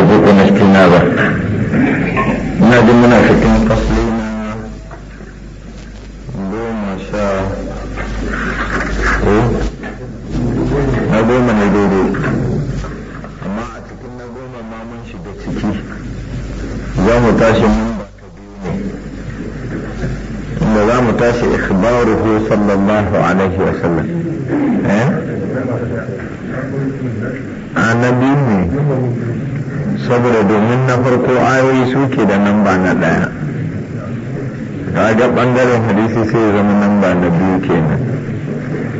يرزقنا اجتنابه نادي المنافقين فصلنا قوم شاء قوم نجدودي أما أتكلم قوم ما من شدتك زام تاشي من za mu tashi ikhbaruhu sallallahu alaihi wa sallam eh annabi ne saboda domin na farko ayoyi suke da nan ba na ɗaya ga ɓangaren hadisi sai zama nan ba na biyu kenan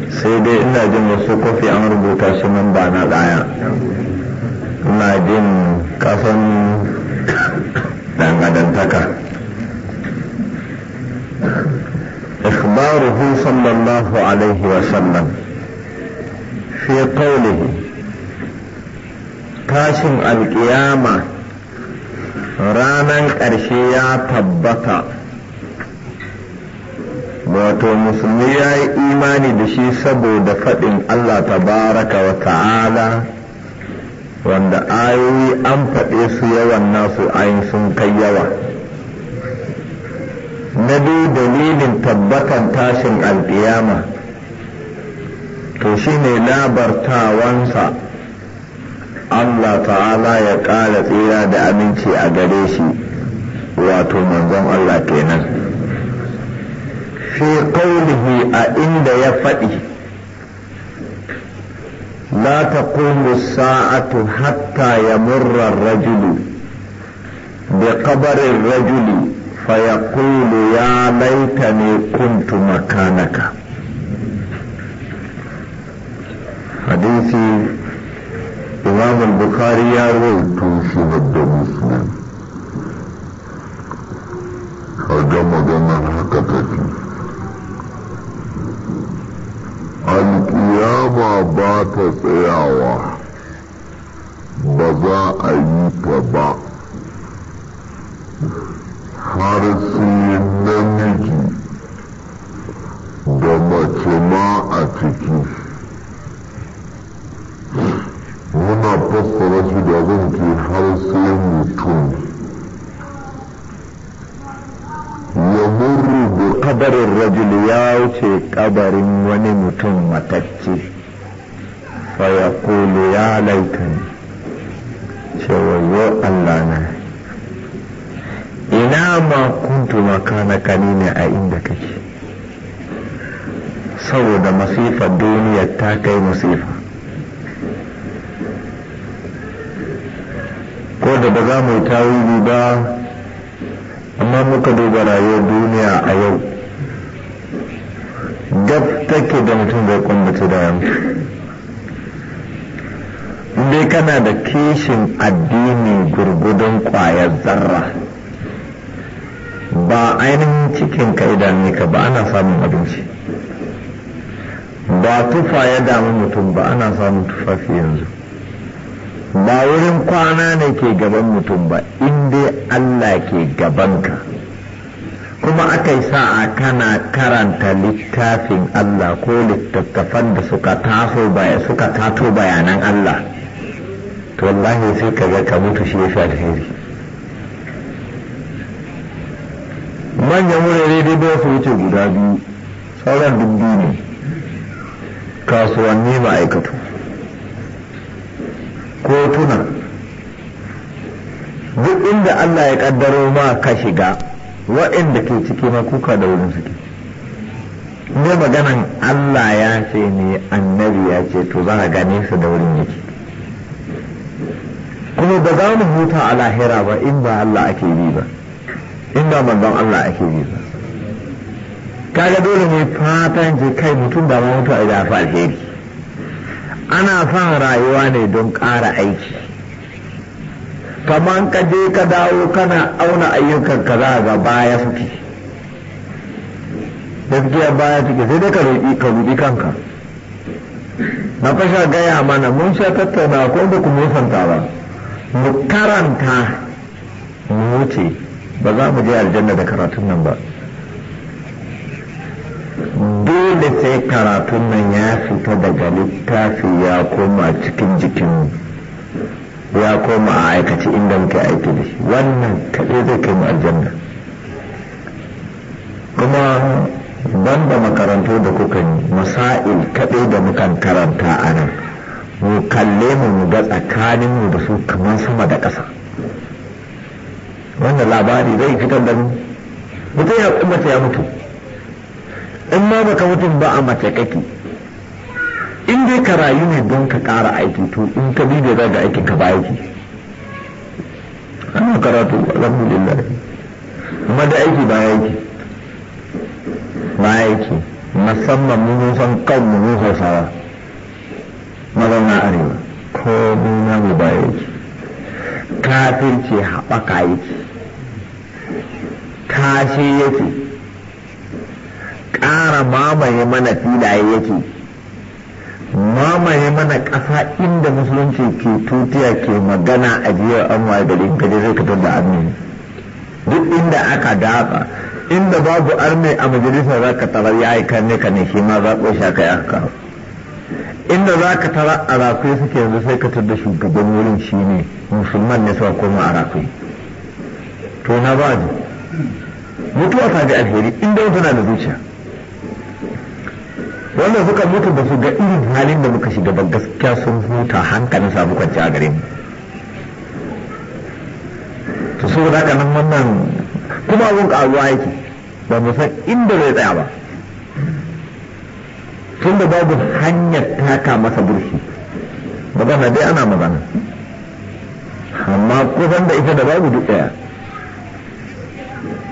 sai dai ina jin wasu kofi an rubuta shi nan ba na ɗaya ina jin kasan dangadantaka إخباره صلى الله عليه وسلم في قوله tashin alƙiyama ranar ƙarshe ya tabbata wato musulmi ya yi imani da shi saboda faɗin Allah tabaraka wa ta'ala wanda ayoyi an faɗe su yawan nasu ayin sun kai yawa na biyu dalilin tabbatan tashin alƙiyama to shi shine labartawansa Allah ta'ala ya ƙara tsira da aminci a gare shi wato manzon Allah kenan fi qawlihi a inda ya faɗi la taqumu sa'atu hatta ya murra rajulu bi qabri fa rajuli fayaqulu ya laitani kuntu makanaka hadisi imam al-bukhari ya rawaito shi da Ka kaga maganar haka take alkiyama ba ta tsayawa ba za a yi ta ba har sai namiji da mace ma a ciki muna fassara shi da zan ke har sai mutum ya murri da kabarin rajul ya wuce kabarin wani mutum matacce fa ya kulu ya laikani cewa yau Allah na ina ma kuntu kani ne a inda kake saboda masifar duniya ta kai masifa ba za mu yi tarihi ba amma muka duba rayuwar duniya a yau gab take da mutum zai kwambace da yanzu dai kana da kishin addini gurgudun kwayar zarra ba ainihin cikin ka idame ka ba ana samun abinci ba tufa ya damu mutum ba ana samun tufafi yanzu ba wurin kwana ne ke gaban mutum ba inda Allah ke gaban ka. kuma aka yi sa'a kana karanta littafin Allah ko littattafan da suka taso baya suka tato bayanan Allah to wallahi sai ka ga ka mutu shi ya sha alheri manyan wurare dai ba su wuce guda biyu sauran dubbi ne kasuwanni ma'aikatu kotuna duk inda Allah ya kaddaro ma ka shiga waɗanda ke ciki ma kuka da wurin suke ne maganan Allah ya ce ne annabi ya ce to za a gane su da wurin yake kuma ba za mu huta a lahira ba in ba Allah ake bi ba in ba manzon Allah ake bi ba kaga dole ne fatan je kai mutum ba ma mutu a da alheri ana son rayuwa ne don ƙara aiki kamar ka je ka dawo kana auna ayyukan ka za ga baya suke gaskiya baya suke sai dai ka roƙi ka roƙi kanka na fasha gaya mana mun sha tattauna ko da kuma santa ba mu karanta mu wuce ba za mu je aljanna da karatun nan ba dole sai karatun nan ya fita daga littafi ya koma cikin jikin ya koma a aikaci inda muke aiki da shi wannan kaɗai zai kai mu aljanna kuma banda makarantu da kuka yi masa'il kaɗai da mukan karanta a nan mu kalle mu mu ga tsakanin mu da su kamar sama da ƙasa wannan labari zai fitar da mu mutum ya mutu in ma baka mutum ba a mace kake in dai ka rayu ne don ka ƙara aiki to in ka bi da zaga aiki ka ki ana karatu alhamdulillah amma da aiki ba aiki ba aiki musamman mun san kanmu mun hausawa mazauna arewa ko na mu ba aiki kafirce haɓaka yake tashi yake ƙara mamaye mana filaye yake mamaye mana ƙasa inda musulunci ke tutiya ke magana a jiyar an waye gari kaje zai fitar da amini duk inda aka datsa inda babu arme a majalisar za ka tarar ya aika ne ka ne shi ma za ko sha ka kawo inda za ka tara a suke yanzu sai ka da shugaban wurin shi ne musulman ne suka koma a to na ba mutuwa ta ga alheri inda mutum na da zuciya wannan suka mutu ba su ga irin halin da muka shiga ba gaskiya sun huta hankalin samu kwanciya gare mu to da haka nan wannan kuma abun karuwa yake ba mu san inda zai tsaya ba tun da babu hanyar taka masa burki magana dai ana magana amma kusan da ita da babu duk daya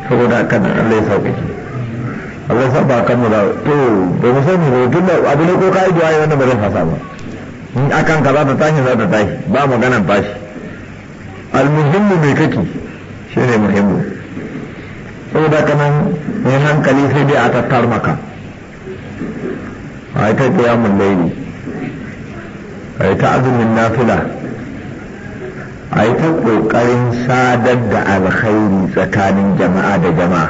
saboda kan Allah ya sauƙaƙe Allah sa ba kan mu da to ba mu sani ba tunda abu ne ko kai du'a wanda ba zai fasa ba in akan ka za ta tashi za ta tashi ba maganar bashi almuhimmu mai kake shi ne muhimmu saboda kanan mai hankali sai dai a tattar maka a ita kiyamun laili a ta azumin nafila a ta kokarin sadar da alkhairi tsakanin jama'a da jama'a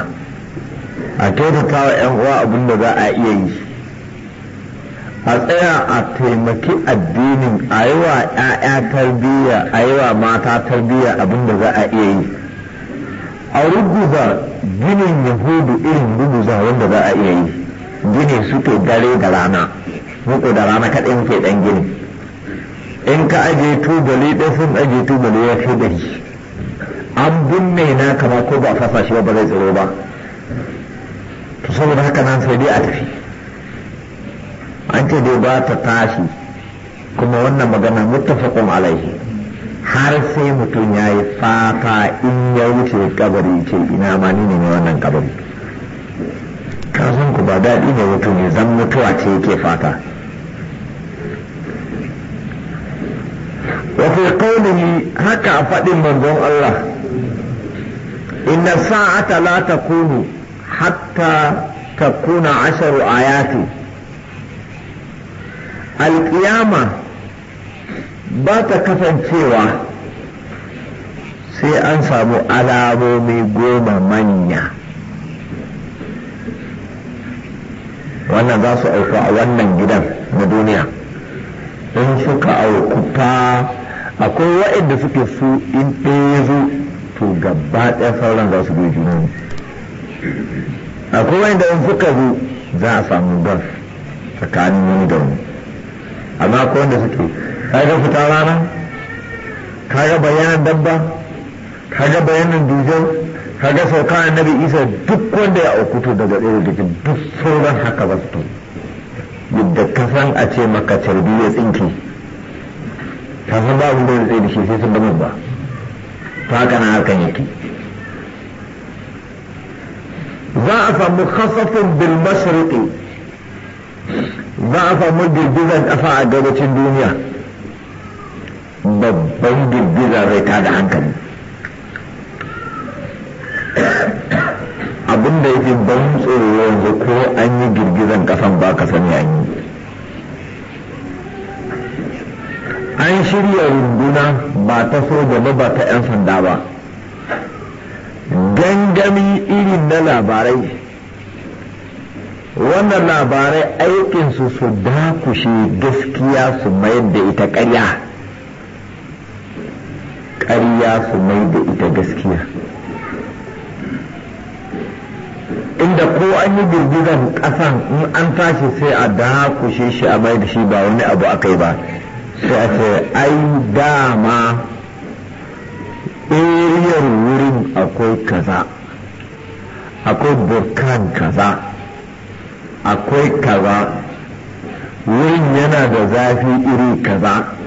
a taimaka wa 'yan uwa abin da za a iya yi a tsaya a taimaki addinin a yi wa 'ya'ya tarbiyya a yi wa mata tarbiyya abin da za a iya yi a ruguza ginin yahudu irin ruguza wanda za a iya yi gini suke dare da rana muku da rana kaɗai muke ɗan gini in ka aje tubali ɗin sun ajiye tubali ya fi gari an binne na kama ko ba fasa shi ba zai tsiro ba saboda haka nan sai dai a tafi an ce dai ba ta tashi kuma wannan magana muttafaqun alaihi har sai mutum ya yi fata in ya wuce kabari ce ina ma ni ne wannan kabari kasan ku ba daɗi ne mutum ne zan mutuwa ce yake fata wafi kaunihi haka a faɗin manzon Allah inna sa'ata la takunu حتى تكون عشر آيات alƙiyama بات كفن سوى sai an samu alamomi goma manya wannan za su auku a wannan gidan na duniya in suka auku akwai waɗanda suke su in ɗaya zo to gaba ɗaya sauran za su biyu akwai inda in suka zo za a samu bas tsakanin wani da wani amma ko wanda suke kaga fita rana kaga bayanan dabba kaga bayanan dujau kaga sauka annabi isa duk wanda ya aukuto daga ɗaya da duk sauran haka ba su yadda ka san a ce maka carbi ya tsinke ka san ba abin da zai tsaye da shi sai sun ba ta haka na hakan yake za a samu khasafin bil mashriqi za a samu girgizan ƙasa a gabacin duniya babban girgiza zai tada hankali abin da yake ban tsoro yanzu ko an yi girgizan ƙasan ba ka sani an yi an shirya runduna ba ta soja ba ba ta 'yan sanda ba gangami irin na labarai wannan labarai aikinsu su dakushe gaskiya su mayar da ita ƙarya ƙarya su mai da ita gaskiya inda ko an yi girgizan ƙasan in an tashi sai a dakushe shi a mai da shi ba wani abu aka yi ba sai a ce ai dama eriyar wurin akwai kaza akwai burkan kaza akwai kaza wurin yana da zafi iri kaza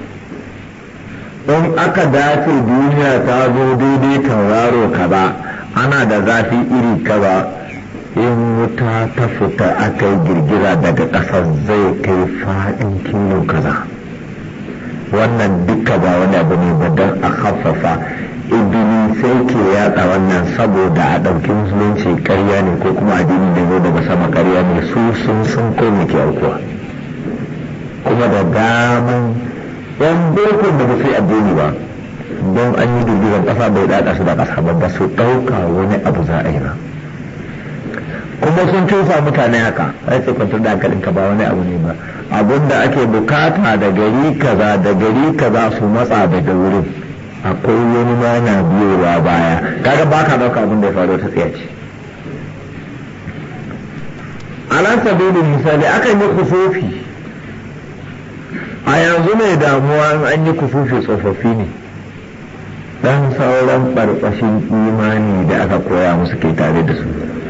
in aka dace duniya ta zo daidai tauraro kaza ana da zafi iri kaza in wuta ta fita aka yi girgira daga ƙasar zai kai fa'in kilo kaza wannan duka ba wani abu ne ba don a haffafa ibini sai ke yatsa wannan saboda a ɗauki musulunci karya ne ko kuma addini da zo daga sama karya ne su sun sun kai ke aukuwa kuma da daman yan boko da ba su yi addini ba don an yi girgizar ƙasa bai daɗa su da ƙasa ba ba su ɗauka wani abu za a ba kuma sun tufa mutane haka sai su kwantar da ka ba wani abu ne ba abinda ake bukata da gari kaza da gari kaza su matsa daga wurin akwai wani ma na biyowa baya kaga ba ka dauka abin da ya faru ta tsiya ce bai da misali aka yi kufofi a yanzu mai damuwa an yi kufofi tsofaffi ne dan sauran barbashin imani da aka koya musu ke tare da su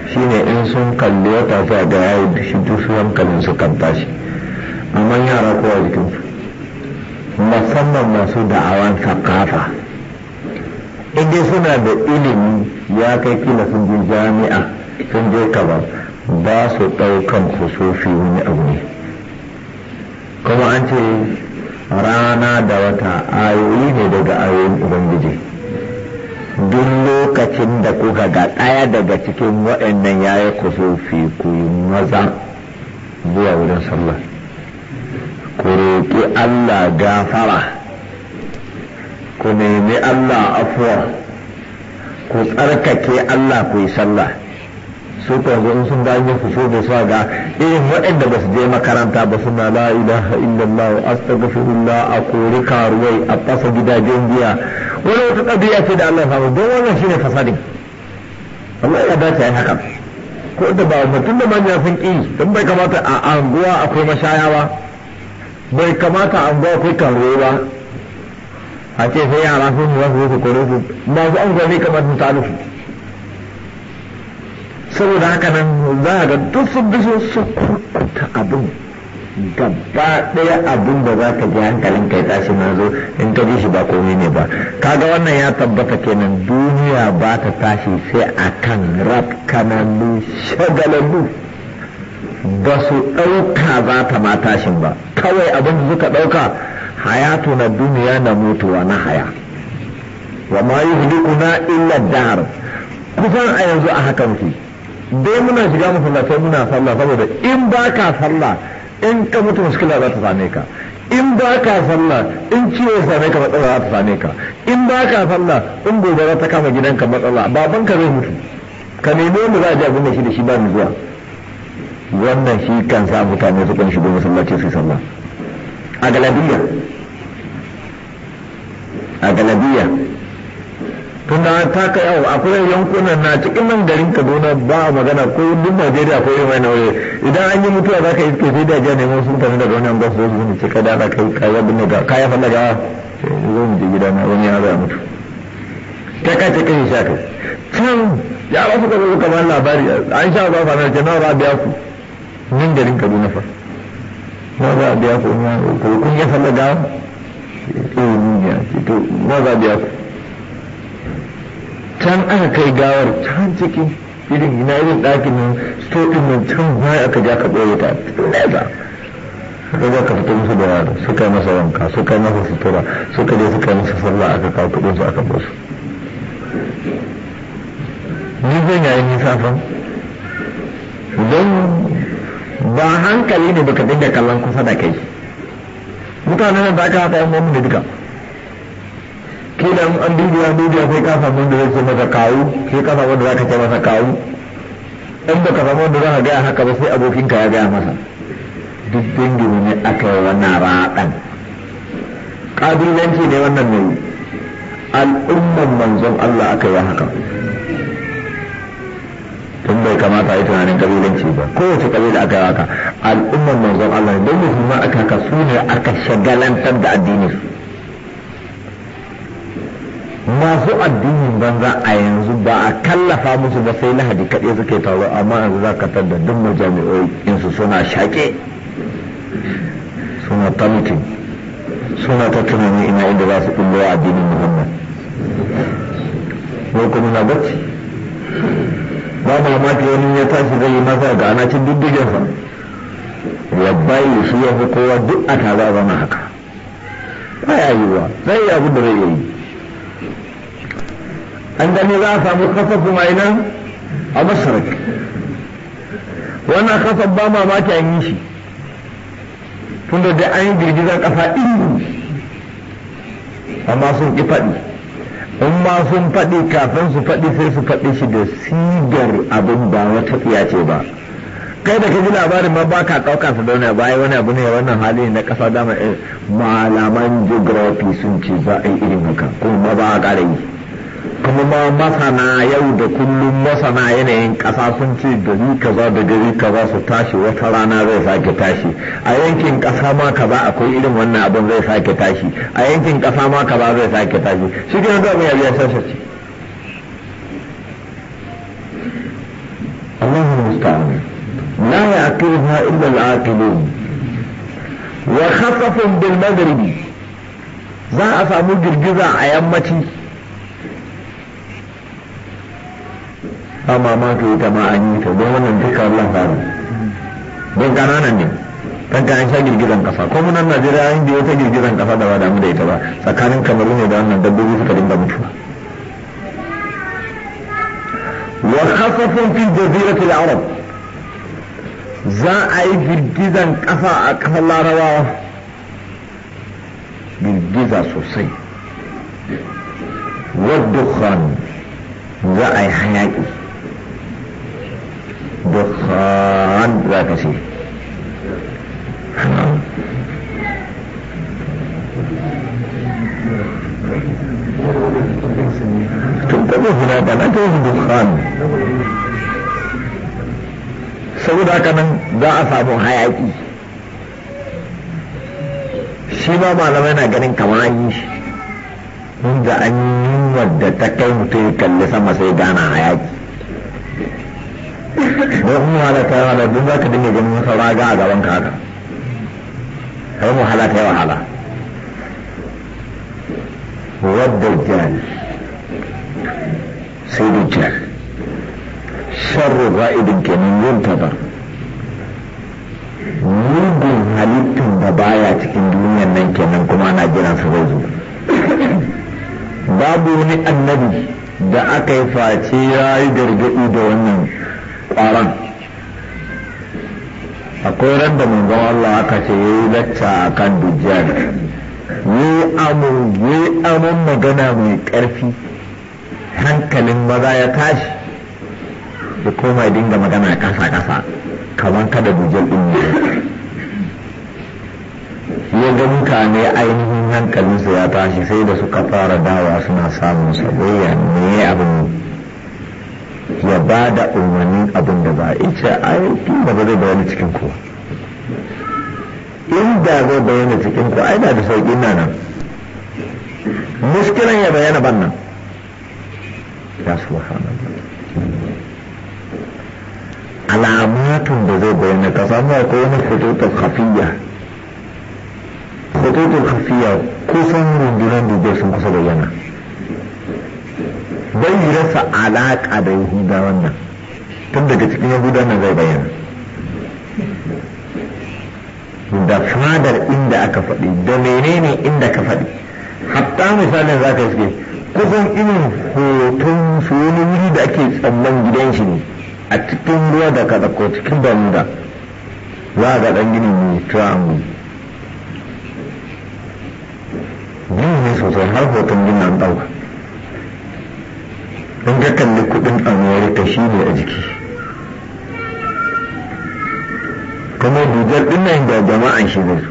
shine in sun kalli wata fa da yayi da shi duk su hankalin su kan tashi amma yara kowa su musamman masu da'awan sakafa in dai suna da ilimi ya kai kila sun je jami'a sun je kaba ba su ɗaukan su sofi wani abu ne kuma an ce rana da wata ayoyi ne daga ayoyin ubangiji duk lokacin da kuka ga ɗaya daga cikin waɗannan ya yi ku ku yi maza zuwa wurin sallah ku roƙi allah gafara ku nemi Allah afuwa ku tsarkake Allah ku yi sallah su ka zo sun ga yin fito da su ga irin waɗanda ba su je makaranta ba suna la ilaha illallah astaghfirullah a kori karuwai a fasa gidajen giya wani wata ɗabi'a ce da Allah ya samu don wannan shine fasadin Allah ya dace ai haka ko da ba mutum da manya sun ƙi don bai kamata a anguwa akwai mashaya ba bai kamata a anguwa akwai karuwai ba a ce sai yara sun yi su su kore su ba an zai kamar su talufu saboda haka nan za a ga duk sun bi su kurkuta abin gaba ɗaya abin da za ka ji hankalin kai tashi na zo in ta ji shi ba komai ne ba kaga wannan ya tabbata kenan duniya ba ta tashi sai a kan rab kananu shagalalu ba su ɗauka za ta ma tashin ba kawai abin da suka ɗauka hayatu na duniya na mutuwa na haya wa ma na illa dahr kusan a yanzu a hakan ku. dai muna shiga sai muna sallah saboda in ba ka sallah in ka mutu muskila za ta same ka in ba ka sallah in ciwo same ka matsala za ta same ka in ba ka sallah in gobe za ta kama gidanka matsala baban ka zai mutu ka nemi mu za a ji abin da shi da shi ba mu zuwa wannan shi kan sa mutane su kan shigo masallaci su sallah a galadiyya a galabiya tunda ta kai yawo akwai yankunan na cikin nan garin kaduna ba magana ko duk najeriya ko yi wani waje idan an yi mutuwa za ka iske sai da jiya neman sun tafi daga wani an basu zuwa ne ce ka da kai kaya binne ga kaya falla ga zo mu je gida na wani yaro ya mutu ta kace kai sha kai can ya ba su kazo kamar labari an sha ba fa na ce na ba biya ku nan garin kaduna fa na ba biya ku ko kun ya falla maza biyar can aka kai gawar can cikin irin ina irin ɗakin nan stoɗin nan can baya aka ja ka ɓoye ta nesa ka za ka fito musu da yaro suka masa wanka suka masa sutura suka je suka masa sallah aka kawo kuɗin su aka basu ni zan yayi nisa fam don ba hankali ne baka dinga kallon kusa da kai nan da aka haɗa yan uwan mu ne duka kila an dubiya dubiya sai ka samu wanda zai ce masa kawo sai ka samu wanda za ka ce masa kawo in ba ka samu wanda za ka gaya haka ba sai abokinka ya gaya masa duk dangin ne aka yi wannan raɗan ƙabilanci ne wannan ne al'umman manzon Allah aka yi haka in bai kamata a yi tunanin kabilanci ba kowace kabila aka yi haka al'ummar manzon Allah don musulman aka haka su ne aka shagalantar da addini su masu addinin banza a yanzu ba a kallafa musu ba sai lahadi kaɗai suke taro amma yanzu za ka tar da duk majami'o'insu suna shaƙe suna tamitin suna ta tunani ina inda za su ɗumbo addinin muhammad ko kuma na bacci ba mamaki wani ya tashi zai yi masa ga ana cin diddigensa wallahi shi ya fi kowa duk a tara zama haka ba ya yi wa zai yi abin da zai yi an gani za a samu kafa kuma ina a masarar wannan kafa ba ma an yi shi tun da an yi girgizar kafa ɗin amma sun ƙi faɗi in ma sun faɗi kafin su faɗi sai su faɗi shi da sigar abin ba wata ce ba kai da ka ji labarin ma ba ka ɗauka su dauna baya wani abu ne wannan hali na ƙasa dama eh, malaman geography sun ce za a yi irin haka kuma ba a ƙara yi kuma ma masana yau da kullum masana yanayin ƙasa sun ce gari kaza da gari kaza su tashi wata rana zai sake tashi a yankin ƙasa ma kaza akwai irin wannan abin zai sake tashi a yankin ƙasa ma kaza zai sake tashi shi ke nan zama ya sassa ce Allahu musta'an la ya'qiluha illa al-aqilun wa khasafun bil maghribi za a samu girgiza a yammaci amma ma ta yi ta ma an yi ta don wannan duka Allah faru don kananan ne kan ka an sha girgizan kasa ko munan Najeriya an yi wata girgizan kasa da ba damu da ita ba tsakanin kamaru ne da wannan dabbobi suka dinga mutu. wa khasafun fi jaziratil arab za a yi girgizan kasa a kasar larawa girgiza sosai wadda za a yi hayaki دخان ذاك شيء تنتبه هناك saboda haka nan za a samu hayaki shi ma malamai na ganin kamar an yi shi mun da an wadda ta kai mutum ya kalli sama sai gana hayaki don mu ta ya wahala duk za ka dinga ganin wata raga a gaban ka haka sai mu ta yi wahala wadda jani sai dajjal sharru ra'idin kenan yin tabar mugun halittun da baya cikin duniyan nan kenan kuma ana jiran su zai zo babu wani annabi da aka yi face ya yi gargaɗi da wannan ƙwaron akwai randa manzon Allah aka ce ya yi lacca a kan dujjal yi amon magana mai ƙarfi hankalin maza ya tashi ya koma dinga magana ƙasa ƙasa kamar kada dujjal ɗin ne ya ga mutane ainihin hankalinsa ya tashi sai da suka fara dawa suna samun saboda ne abin ya ba da umarnin abin da ba a ce ai tun da ba zai bayani cikin ku inda zai bayyana cikin ku ai da da sauƙi na nan muskilan ya bayana ban nan ya su alamatun da zai bayyana ka samu ko wani fitotun hafiya fitotun hafiya kusan rundunan dubiya sun kusa bayana. bai rasa alaƙa da yahuda wannan tun daga cikin yahuda nan zai bayyana da fadar inda aka faɗi da menene inda ka faɗi hatta misalin za ka suke kusan irin hoton su wani wuri da ake tsamman gidan shi ne a cikin ruwa da ka ko cikin damuda za ga ɗan gini mai tuwamu gini ne sosai har hoton gina an ɗauka in ka kalli kudin amurka shi ne a jiki kuma dujar dinnan da jama'an shi ne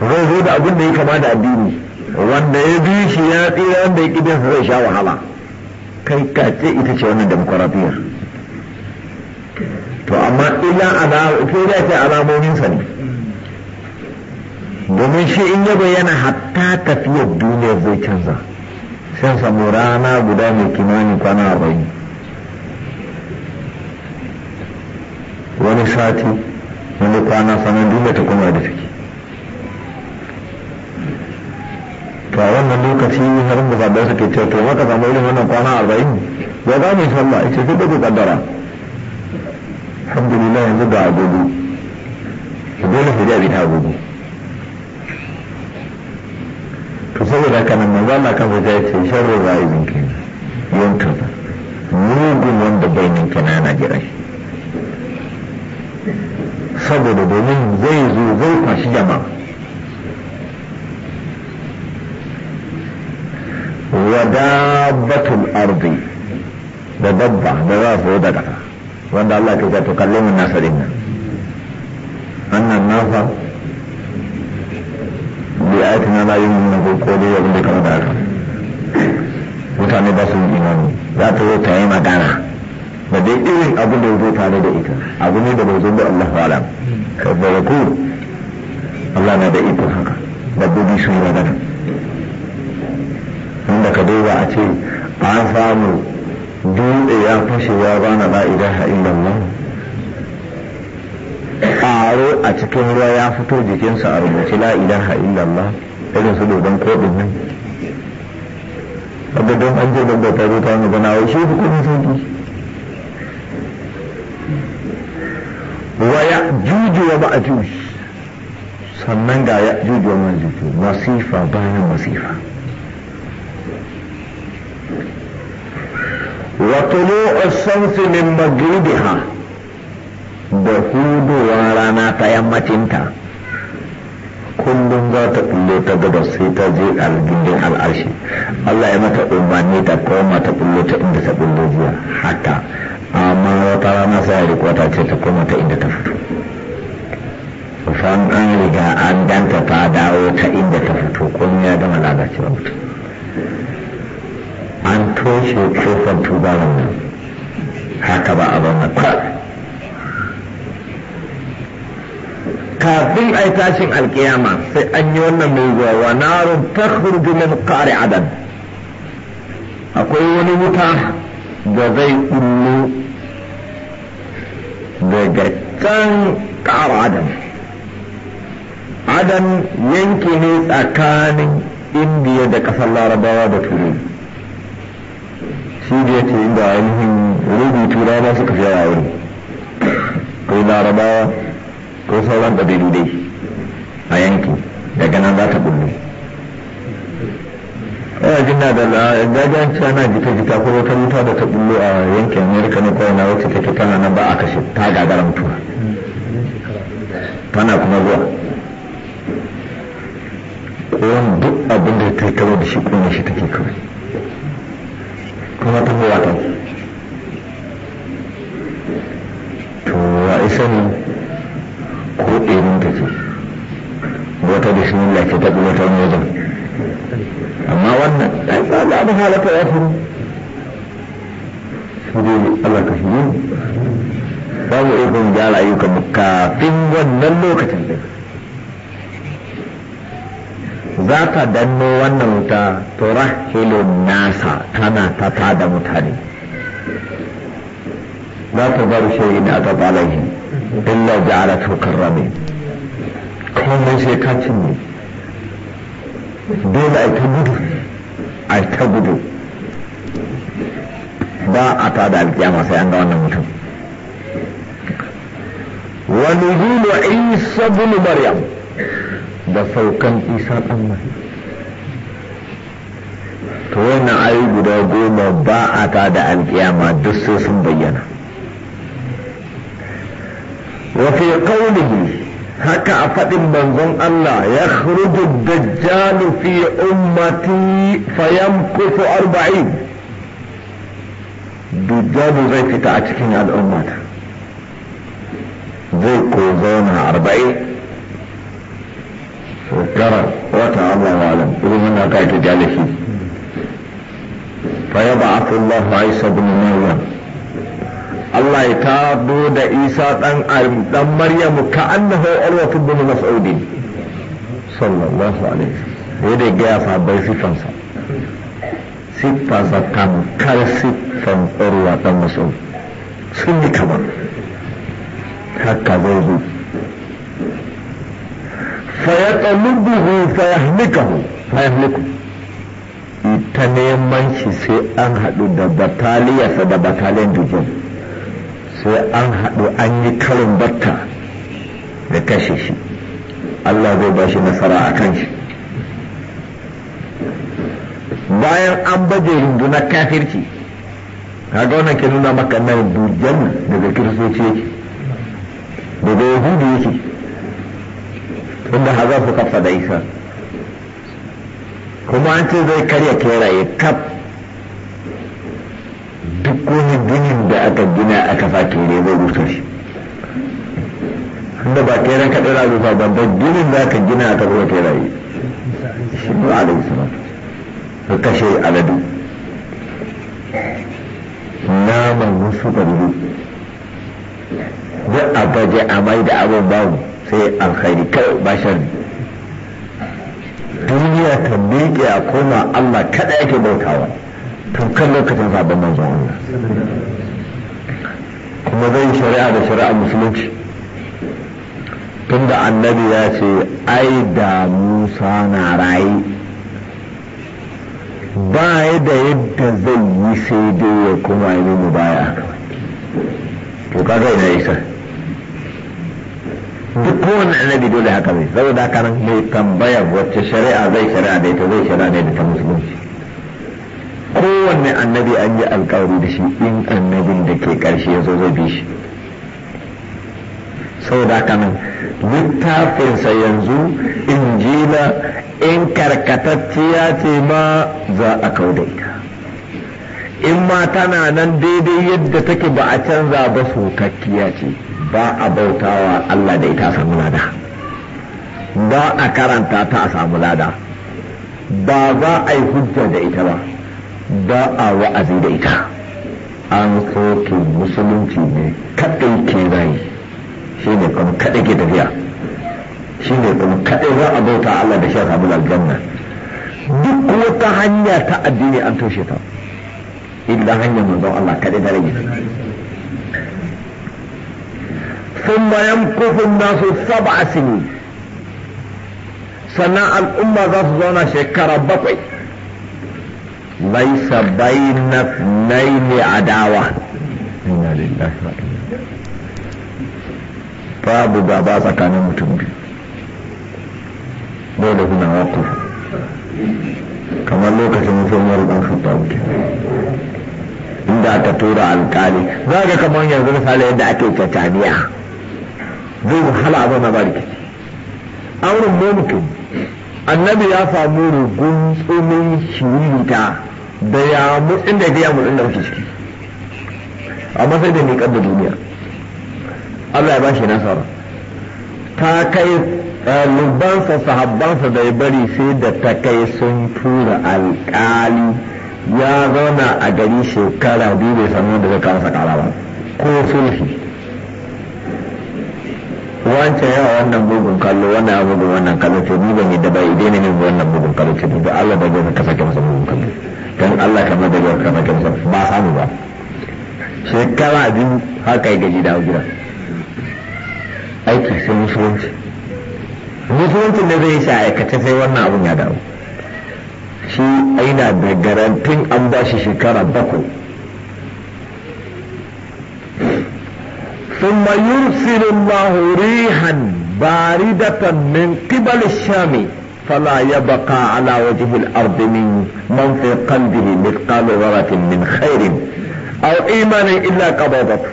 zai zo da abin da ya kama da addini wanda ya bi shi ya tsira wanda ya kidan su zai sha wahala kai ka ce ita ce wannan demokuraɗiyyar to amma ala ko da ce sa ne domin shi in ya bayyana hatta tafiyar duniya zai canza shan samu rana guda mai kimanin kwana arba'in wani sati wani kwana sanar dole ta kuma da take to a wannan lokaci harin da zaɓe suke cewa to maka samu irin wannan kwana arba'in ya za mu yi sallah ita sai dai kaddara alhamdulillah yanzu ga agogo dole ku ji abin agogo to saboda haka nan maza na ya ce sharri rayu min kenan mugun wanda bai ninka yana jira saboda domin zai zo zai kwashi jama. wa dabbatul ardi da dabba da za su da kasa wanda Allah ke to kalle mun nasa nan annan nafa bi ayatina la yu'minu ko ko dai abin da kama da haka mutane ba su yi imani za ta zo ta yi magana da dai irin abin da ya zo tare da ita abu ne da bai zo da Allah alam saboda ku Allah na da iko haka dabbobi sun yi magana wanda ka duba a ce an samu dutse ya fashewa bana la ilaha illallah ƙaro a cikin ruwa ya fito jikinsa a rubuce la ilaha illallah irin su dogon koɗin nan wadda don an je dabba ta zo ta magana wai shi hukumin sauki wa ya ba a ma'ajuj sannan ga ya juju wa ma'ajuj masifa bayan masifa wa tulu as-shamsi min maghribiha da hudowa rana ta yammacinta kullum za ta kulle ta gaba sai ta je algindin al'arshi Allah ya mata umarni ta koma ta kulle ta inda ta kulle zuwa hata amma wata rana sai rikuwa ta ce ta koma ta inda ta fito fan an riga an danta ta dawo ta inda ta fito kun ya gama lalacewa mutum an toshe kofar tubaran haka ba a ba kafin ai tashin alkiyama sai an yi wannan mai zuwa wa narun takhruju min qari adad akwai wani wuta da zai kullu daga can ƙara adam adam yanki ne tsakanin indiya da ƙasar larabawa da turai shi da ya inda ainihin rubutu rana suka fi yawa wuri larabawa ko sauran ƙabilu dai a yanki daga nan za ta bulle ina jin na da gajen cana jita jita ko wata wuta da ta bullo a yankin amerika na kawai na wacce take tana nan ba a kashe ta gagara mutuwa tana kuma zuwa kowane duk abin da ta yi kawo da shi kone shi take kawai kuma ta huwa ta to wa isa ne ko ɗerin ta ce wata bismillah ce ta kuma ta wajen amma wannan ai ba za mu halaka ya furu su dai Allah ka shigo ba mu ikon gyara ayyukan mu kafin wannan lokacin da za ka danno wannan wuta to rahilun nasa tana ta tada mutane za ta bar shayi da aka tsala shi illa ja'alatu karrami komai sai ka cinye dole ai ta gudu ai ta gudu ba a ta da alkiyama sai an ga wannan mutum wa nuzulu isa ibn maryam da saukan isa dan maryam to wannan ayi guda goma ba a ta da alkiyama duk sai sun bayyana وفي قوله هكا أفدن منظم الله يخرج الدجال في أمتي فيمكث أربعين دجال زي في تعتكين على الأمة زي كوزونها أربعين وكرر وتع الله أعلم إذا هنا قاعد جالسين فيبعث الله عيسى بن مريم Allah ya tabo da Isa dan dan Maryamu ka annahu alwatu bin Mas'udin sallallahu alaihi wasallam da ga sahabbai sifansa siffarsa tamkar siffan urwa dan Mas'ud sun yi kamar haka zai zo fayatalubuhu fayahmikahu fayahmiku ita neman shi sai an haɗu da bataliyarsa da bataliyan dujjal sai an haɗu an yi karin batta da kashe shi Allah zai ba shi nasara a kan shi bayan an baje rundunar kafirci kaga wannan ke nuna maka na dujan daga kiristoci yake daga yahudu yake inda haza su kafa da isa kuma an ce zai karya keraye kaf duk wani gini da aka gina aka fake ne zai rusa shi inda ba kai ranka ɗora rufa ba da ginin za ka gina aka zuwa kai rayu shi ne a laifin ba ka kashe aladu naman musu ɓarbi duk a baje a mai da abin babu sai alkhairi kawai ba shari duniya ta miƙe a koma Allah kada yake bautawa to kan lokacin sabon manzon Allah kuma zan shari'a da shari'a musulunci tunda annabi ya ce ai da musa na rayu ba ya da yadda zai yi sai dai ya kuma yi mu baya to zai yi isa duk kowane annabi dole haka ne saboda haka nan mai tambayar wacce shari'a zai shari'a da ita zai shari'a da ita musulunci kowanne annabi an yi alkawari da shi in annabin da ke karshe ya zo zai bi shi saboda haka nan littafinsa yanzu injila in karkatacciya ce ma za a da ita in ma tana nan daidai yadda take ba a canza ba sokakkiya ce ba a bautawa Allah da ita samu lada ba a karanta ta a samu lada ba za a yi hujja da ita ba ba a wa'azi da ita an soke musulunci ne kaɗai ke rayu shi ne kuma kaɗai ke tafiya shi ne kuma kaɗai za a bauta Allah da shan samun aljanna duk wata hanya ta addini an toshe ta illa hanyar manzon Allah kaɗai da rage ثم nasu saba a sini sannan al'umma za su zauna shekara bakwai ليس بين اثنين عداوة dawa. لله وإنا babu بابا tsakanin mutum biyu هنا وقف كما kamar lokacin مرد ɗan inda aka tura alkali za ga kamar yanzu misali yadda ake cataniya zai wahala a zama ba rikici auren mutum annabi ya samu rugun tsumin shirinta da ya mu inda ya mu inda muke ciki a sai da miƙar da duniya Allah ya bashi nasara ta kai ɗalibansa eh, sahabbansa da ya bari sai da ta kai sun tura alƙali ya zauna a gari shekara biyu bai samu da zai kawo sakara ba ko sulhi wancan yawa wannan bugun kallo wannan ya bugun wannan kallo ce ni ban yi da bai daina ne wannan bugun kallo ce ba Allah da gani ka sake masa bugun kallo don Allah kama da yau kamar da ba samu ba shekara abin haka yi gaji da gida aiki sai musulunci musulunci da zai sa aikata sai wannan abun ya dawo shi aina da garantin an ba shi shekara bako ثم يرسل الله ريحا باردة من قبل الشام فلا يبقى على وجه الأرض من من في قلبه مثقال ذرة من خير أو إيمان إلا قبضته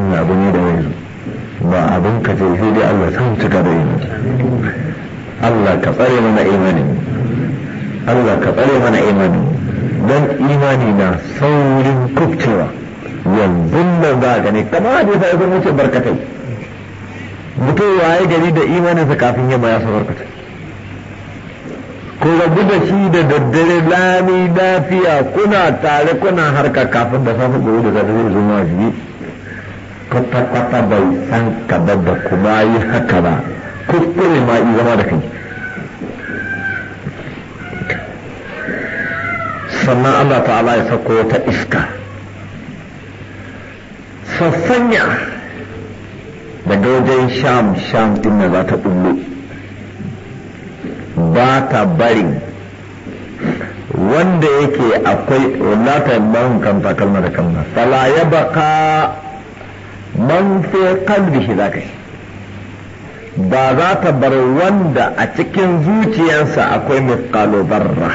Allah abu ne da yanzu ba abin ka ce shi dai Allah san cika da yanzu Allah ka tsare mana imanin, Allah ka tsare mana imanin, don imani na saurin kubcewa yanzu nan za a gani kamar da ya zama wuce barkatai mutum waye gari da imaninsa kafin yamma ya sabarkata ku rabu da shi da daddare lami lafiya kuna tare kuna harka kafin da safe gobe da zafi zai zuma biyu kwata-kwata bai san ka da kuma yi haka ba kuskure ma yi zama da kai sannan Allah ta'ala ya sako wata iska sassanya daga wajen sham sham din na za ta ba ta barin wanda yake akwai wallata ban kanta kalma da kalma fala ya baka man fi kalbi shi za ba za ta bar wanda a cikin zuciyarsa akwai mithqalu barra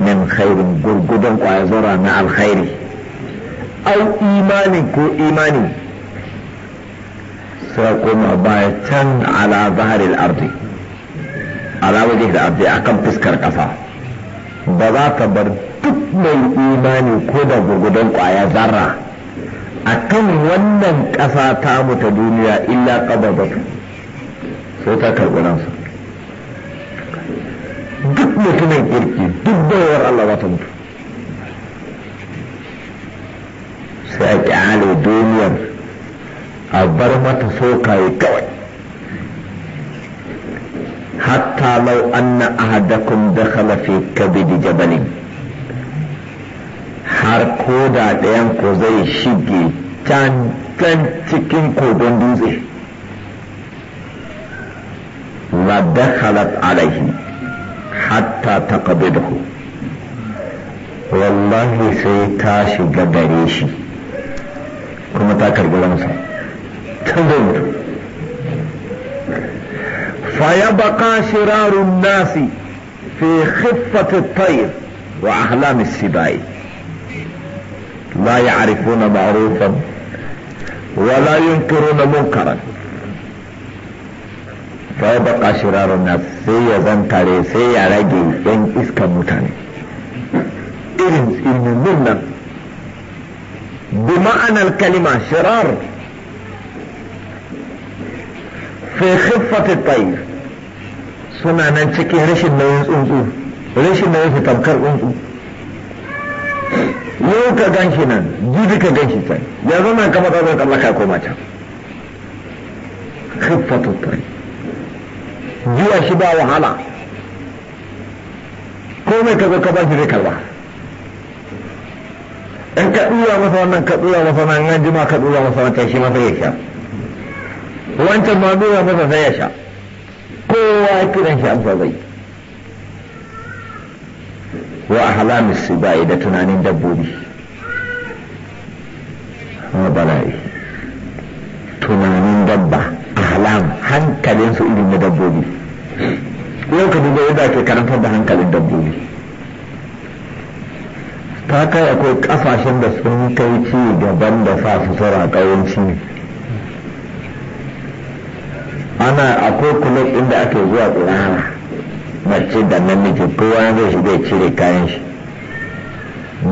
min khairin gurgudan kwaya zura na alkhairi au imanin ko imanin sai koma baya can ala zaharil ardi ala waje da ardi akan fuskar ƙasa ba za ta bar duk mai imani ko da gurgudan ƙwaya zarra akan wannan kasa ta mu duniya illa qabadatu sai ta karɓi ransa duk mutumin kirki duk bayar Allah za ta mutu sai a ƙyale duniyar a bar mata sokaye kawai hatta lau anna ahadakum dakhala fi kabidi jabalin har ko da ɗayan ku zai shige can can cikin kogon dutse la dakhalat alaihi hatta taqbidahu wallahi sai ta shiga gare shi kuma ta karbi ransa تمر فيبقى شرار الناس في خفة الطير وأحلام السباع لا يعرفون معروفا ولا ينكرون منكرا فيبقى شرار الناس سي ya zantare sai ya rage yan iskan mutane بمعنى الكلمة شرار fi khiffati tayyib suna nan cikin rashin nauyin tsuntsu rashin nauyin su tamkar tsuntsu yau ka gan shi nan jibi ka gan shi can ya zama kama tsazon tsallaka ko mata khiffatu tayyib jiya shi ba wahala komai ka zo ka ba shi zai karba in ka dura masa wannan ka dura masa nan an jima ka dura masa wancan shi masa ya sha wancan ma nuna masa sai ya sha kowa ya kiran shi amsa zai wa ahlamis sibai da tunanin dabbobi ma bala'i tunanin dabba ahlam hankalin su irin na dabbobi yau ka duba yadda ke karantar da hankalin dabbobi ta kai akwai kasashen da sun kai ci gaban da sa sutura ƙawanci ana akwai kulub inda ake zuwa tsirara mace da namiji kowa zai shi zai cire kayan shi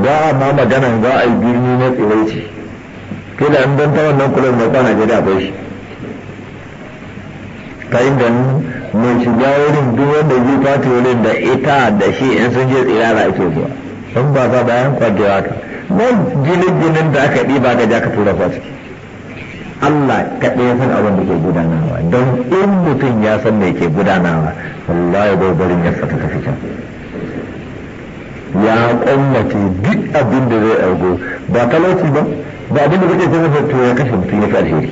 ba a ma maganan za a yi birni na tsiraici kila an don ta wannan kulub na kwana gida akwai shi ta inda mai shiga wurin duk wanda zai fata wurin da ita da shi in sun je tsirara ake zuwa sun ba za bayan kwadewa ka nan jinin jinin da aka ɗiba ba ga jaka tura fasiki Allah kaɗai ya san abin da ke gudanarwa don in mutum ya san me ke gudanarwa wallahi bai barin ya saka tafi can ya kwammace duk abin da zai argo ba talauci ba ba abin da kake sanar to ya kashe mutum ya fi alheri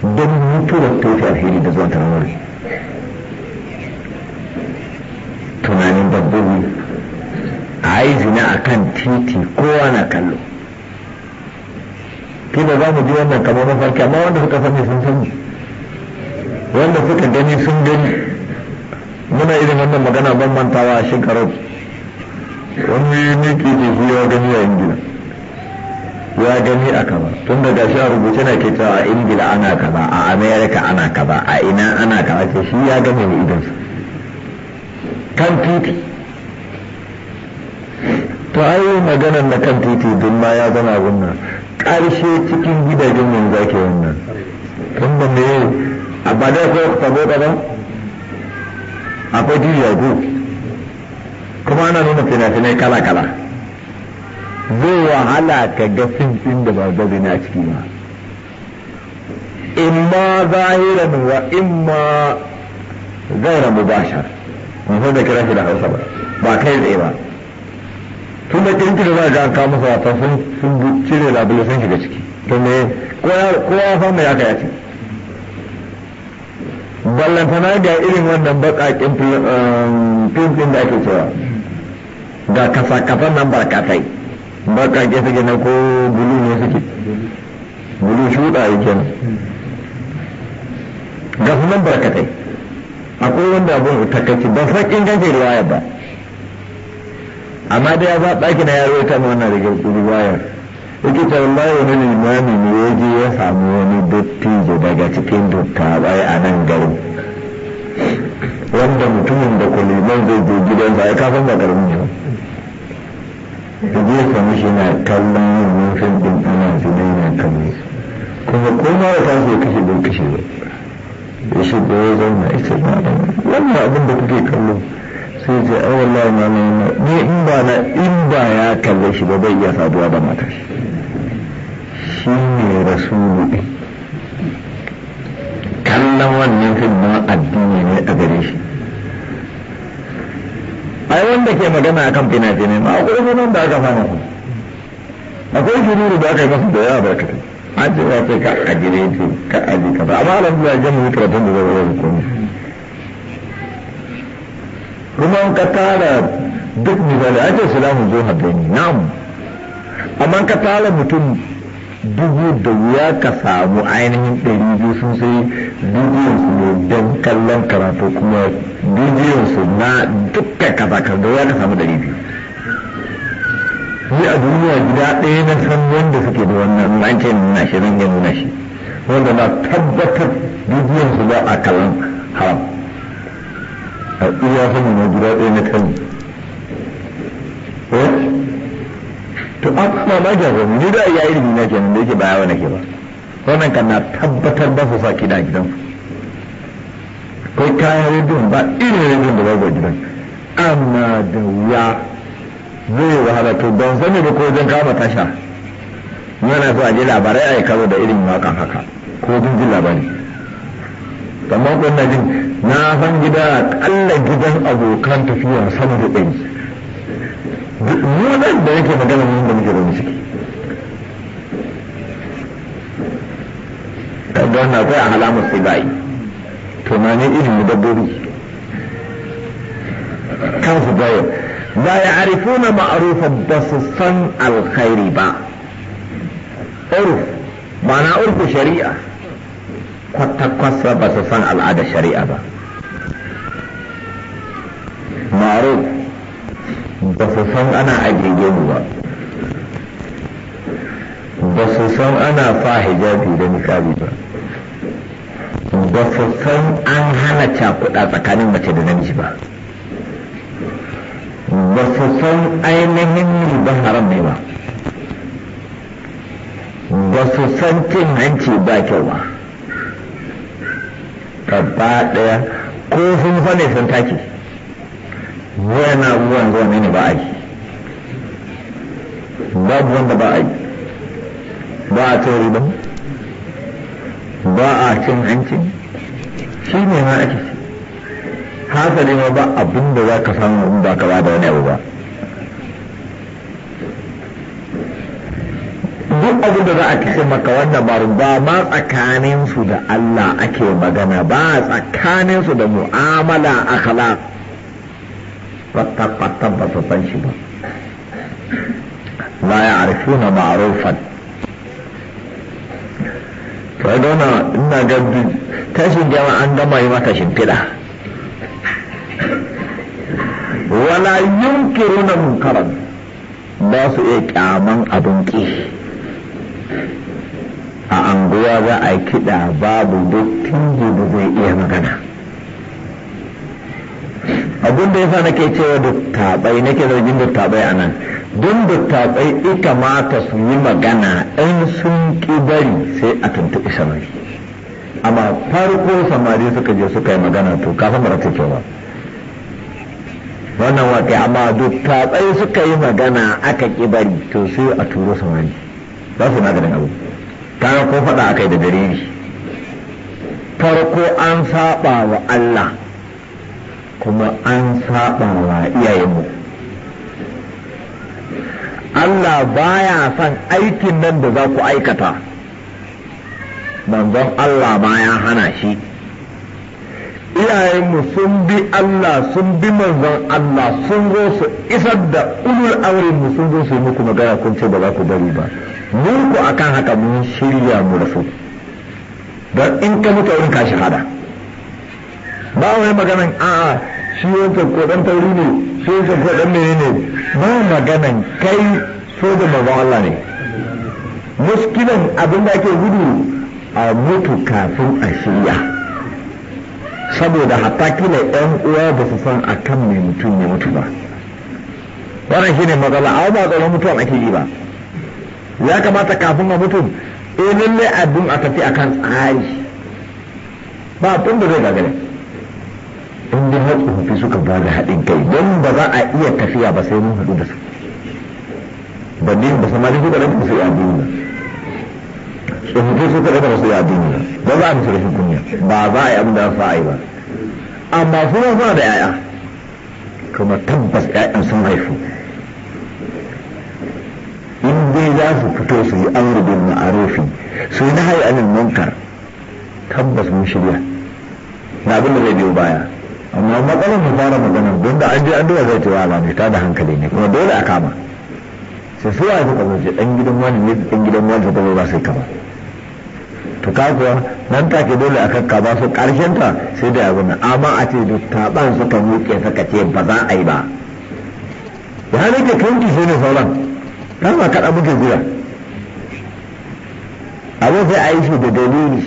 don mutuwar ta fi alheri da zuwa tarawar tunanin babbobi a yi zina a kan titi kowa na kallo Kina za mu ji wannan kamar mafarki amma wanda suka sani sun sani wanda suka gani sun gani muna irin wannan magana ban mantawa a shekarar wani ne ke ke ya gani a ingila ya gani a kaza tun da gashi a rubuce na ke cewa a ingila ana kaza a Amerika ana kaza a ina ana kaza ce shi ya gani da idonsa kan titi to ai maganar na kan titi duk ma ya zana wannan. ƙarshe cikin gidajen mun zaki wannan kan mai me a ba da ko ta boka ba akwai jiyagu kuma ana nuna fina-finai kala-kala zai wahala ka ga fim da ba zai na ciki ba ma zahiran wa imma gaira mubashar mun da shi da hausa ba ba kai tsaye ba tun da kin da za ka masa wata sun sun cire labule sun shiga ciki to me kowa ya san me aka yace ballantana ga irin wannan bakakin fimfin um, da ake cewa ga kasakafan nan barkatai bakake suke na ko bulu ne suke bulu shuɗa yake nan ga nan barkatai akwai wanda abin takaici ba san ingancin waya ba amma da ya zaɓa ki na yaro ta mana da wayar yake ta wallahi wani limami ne ya je ya samu wani dattijo daga cikin dattabai a nan garin wanda mutumin da kuliman zai je ba ya kafin da garin ne da je sami shi na kallon yin nufin ɗin ana zina yana kalli kuma koma da tashi ya kashe bai kashe ba ya shi da ya zauna ita ce ba wannan abin da kuke kallo sai ce a wallahi ma ne ni in ba na in ba ya kalle shi ba bai iya saduwa da mata shi ne rasulu din kallon wannan fim addini ne a gare shi ai wanda ke magana akan fina-finai ma akwai sunan da aka fana ku akwai shiruru da aka yi masu da yawa ba an ce ba sai ka ajiye ka ajiye ka ba amma alhamdulillah jami'in karatun da zai zai komi kuma an ka tara duk misali an ce sulamun zo haddani na'am amma ka tara mutum dubu da wuya ka samu ainihin ɗari biyu sun sai su ne don kallon karatu kuma su na dukkan kazakar da wuya ka samu ɗari biyu ni a duniya gida ɗaya na san wanda suke da wannan an na nuna shi na nashi shi wanda na tabbatar su ba a kallon haram a iya sani na gida ɗaya na kan eh? to an kuma ma jago ni da ya yi na kenan da yake baya wa nake ba wannan kan na tabbatar ba su sa kiɗa a gidansu kai kayan rediyon ba irin rediyon da babu gidan amma da wuya zai wahala to don sani ba ko wajen kama tasha yana so a ji labarai a yi kawo da irin wakan haka ko jin labari amma wannan jin na san gida kallon gidan abokan tafiya sama da ɗai mu nan da yake magana mun da muke zaune ciki kaga wani akwai a halamar sai bayi tunanin mu dabbobi kansu baya la ya'rifuna ma'rufan ba su san alkhairi ba urf ma'ana urfu shari'a kwata-kwata ba su san al'ada shari'a ba maro ba su san ana mu ba ba su san ana fa hijabi da nikabi ba ba su san an hana cakuɗa tsakanin mace da namiji ba ba su san ainihin ba haram ne ba ba su san cin hanci ba kyau ba gaba daya ko sun fane sun take wani ruwan zuwa ne ba a yi babu wanda ba a yi ba a tori ba ba a cin hanci shi ne ma ake ci hasali ma ba abin da za ka samu ba ka ba da wani abu ba duk abin da za a kashe maka wannan ba ma tsakaninsu da Allah ake magana ba tsakaninsu da mu'amala akhlaq fattakwatan ba su san shi ba la ya arfi na ma'arufan sai ina gabi tashin jama'a an gama yi mata shimfiɗa wala yunkiruna munkaran ba su iya kyaman abin ƙi a anguwa za a kiɗa babu duk dattijo da zai iya magana abin da yasa nake cewa dattabai nake zargin dattabai a nan don dattabai ita mata su yi magana in sun ƙi bari sai a tuntuɓi samari amma farko samari suka je suka yi magana to kafin mara ta kewa wannan waƙe amma dattabai suka yi magana aka ƙi bari to sai a turo samari ba su maganin abu ta ko faɗa akai da dalili farko an saba wa Allah kuma an saba wa iyayenmu Allah baya son aikin nan da za ku aikata manzon Allah ya hana shi iyayenmu sun bi Allah sun bi manzon Allah sun zo su isar da ulul amrin sun zo su yi muku magana kun ce ba za ku bari ba mun ku akan haka mun shirya mu rasu don in ka mutu wurin ka shahada ba wani maganan a shi wancan ko dan tauri ne shi wancan ko dan mene ne ba maganan kai so da manzon Allah ne muskilan abin da ake gudu a mutu kafin a shirya saboda hatta kila yan uwa ba su san akan mai mutum ne mutu ba wannan shine matsala a ba tsoron mutuwan ake yi ba ya kamata kafin a mutum eh lalle abin a tafi akan tsari ba abin da zai gagare in dai har tsofaffi suka ba da haɗin kai don ba za a iya tafiya ba sai mun haɗu da su ba ne ba samari suka ɗan su ya addini ba tsofaffi suka ɗan su ya addini ba ba za a musu rashin kunya ba za a yi abin da za a yi ba amma suna suna da 'ya'ya kuma tabbas 'ya'yan sun haifu in dai za su fito su yi an rubin ma'arufi su yi nahayi anil munkar tabbas mun shirya na abin da zai biyo baya amma matsalar mu fara magana don da an je an duba zai ce wa ne ta da hankali ne kuma dole a kama sai su yi suka zoce ɗan gidan wani ne ɗan gidan wani suka zo ba sai kama to kakuwa nan take dole a kakka ba su karshen ta sai da abin na amma a ce duk taban suka muke suka ce ba za a yi ba ya ne ka kanki sai ne sauran kama kada muke gura abu sai a yi shi da dalili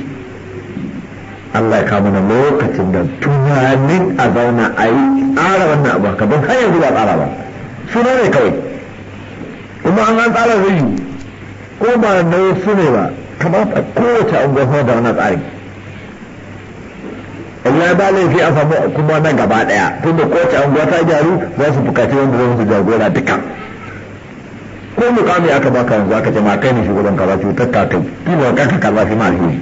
Allah ya kama na lokacin da tunanin a zauna a yi tsara wannan abu ka ban kayan yanzu tsara ba suna ne kawai kuma an an tsara zai yi ko ba na wasu ne ba ta kowace an gwasa da wannan tsari Allah ba laifi a samu kuma na gaba daya tunda kowace an gwasa ta gyaru za su bukaci wanda zai su jagora duka ko mukami aka baka yanzu aka ce ma kai ne shugaban kaza cutar ta kai ba ka ka kaza fi ma shi.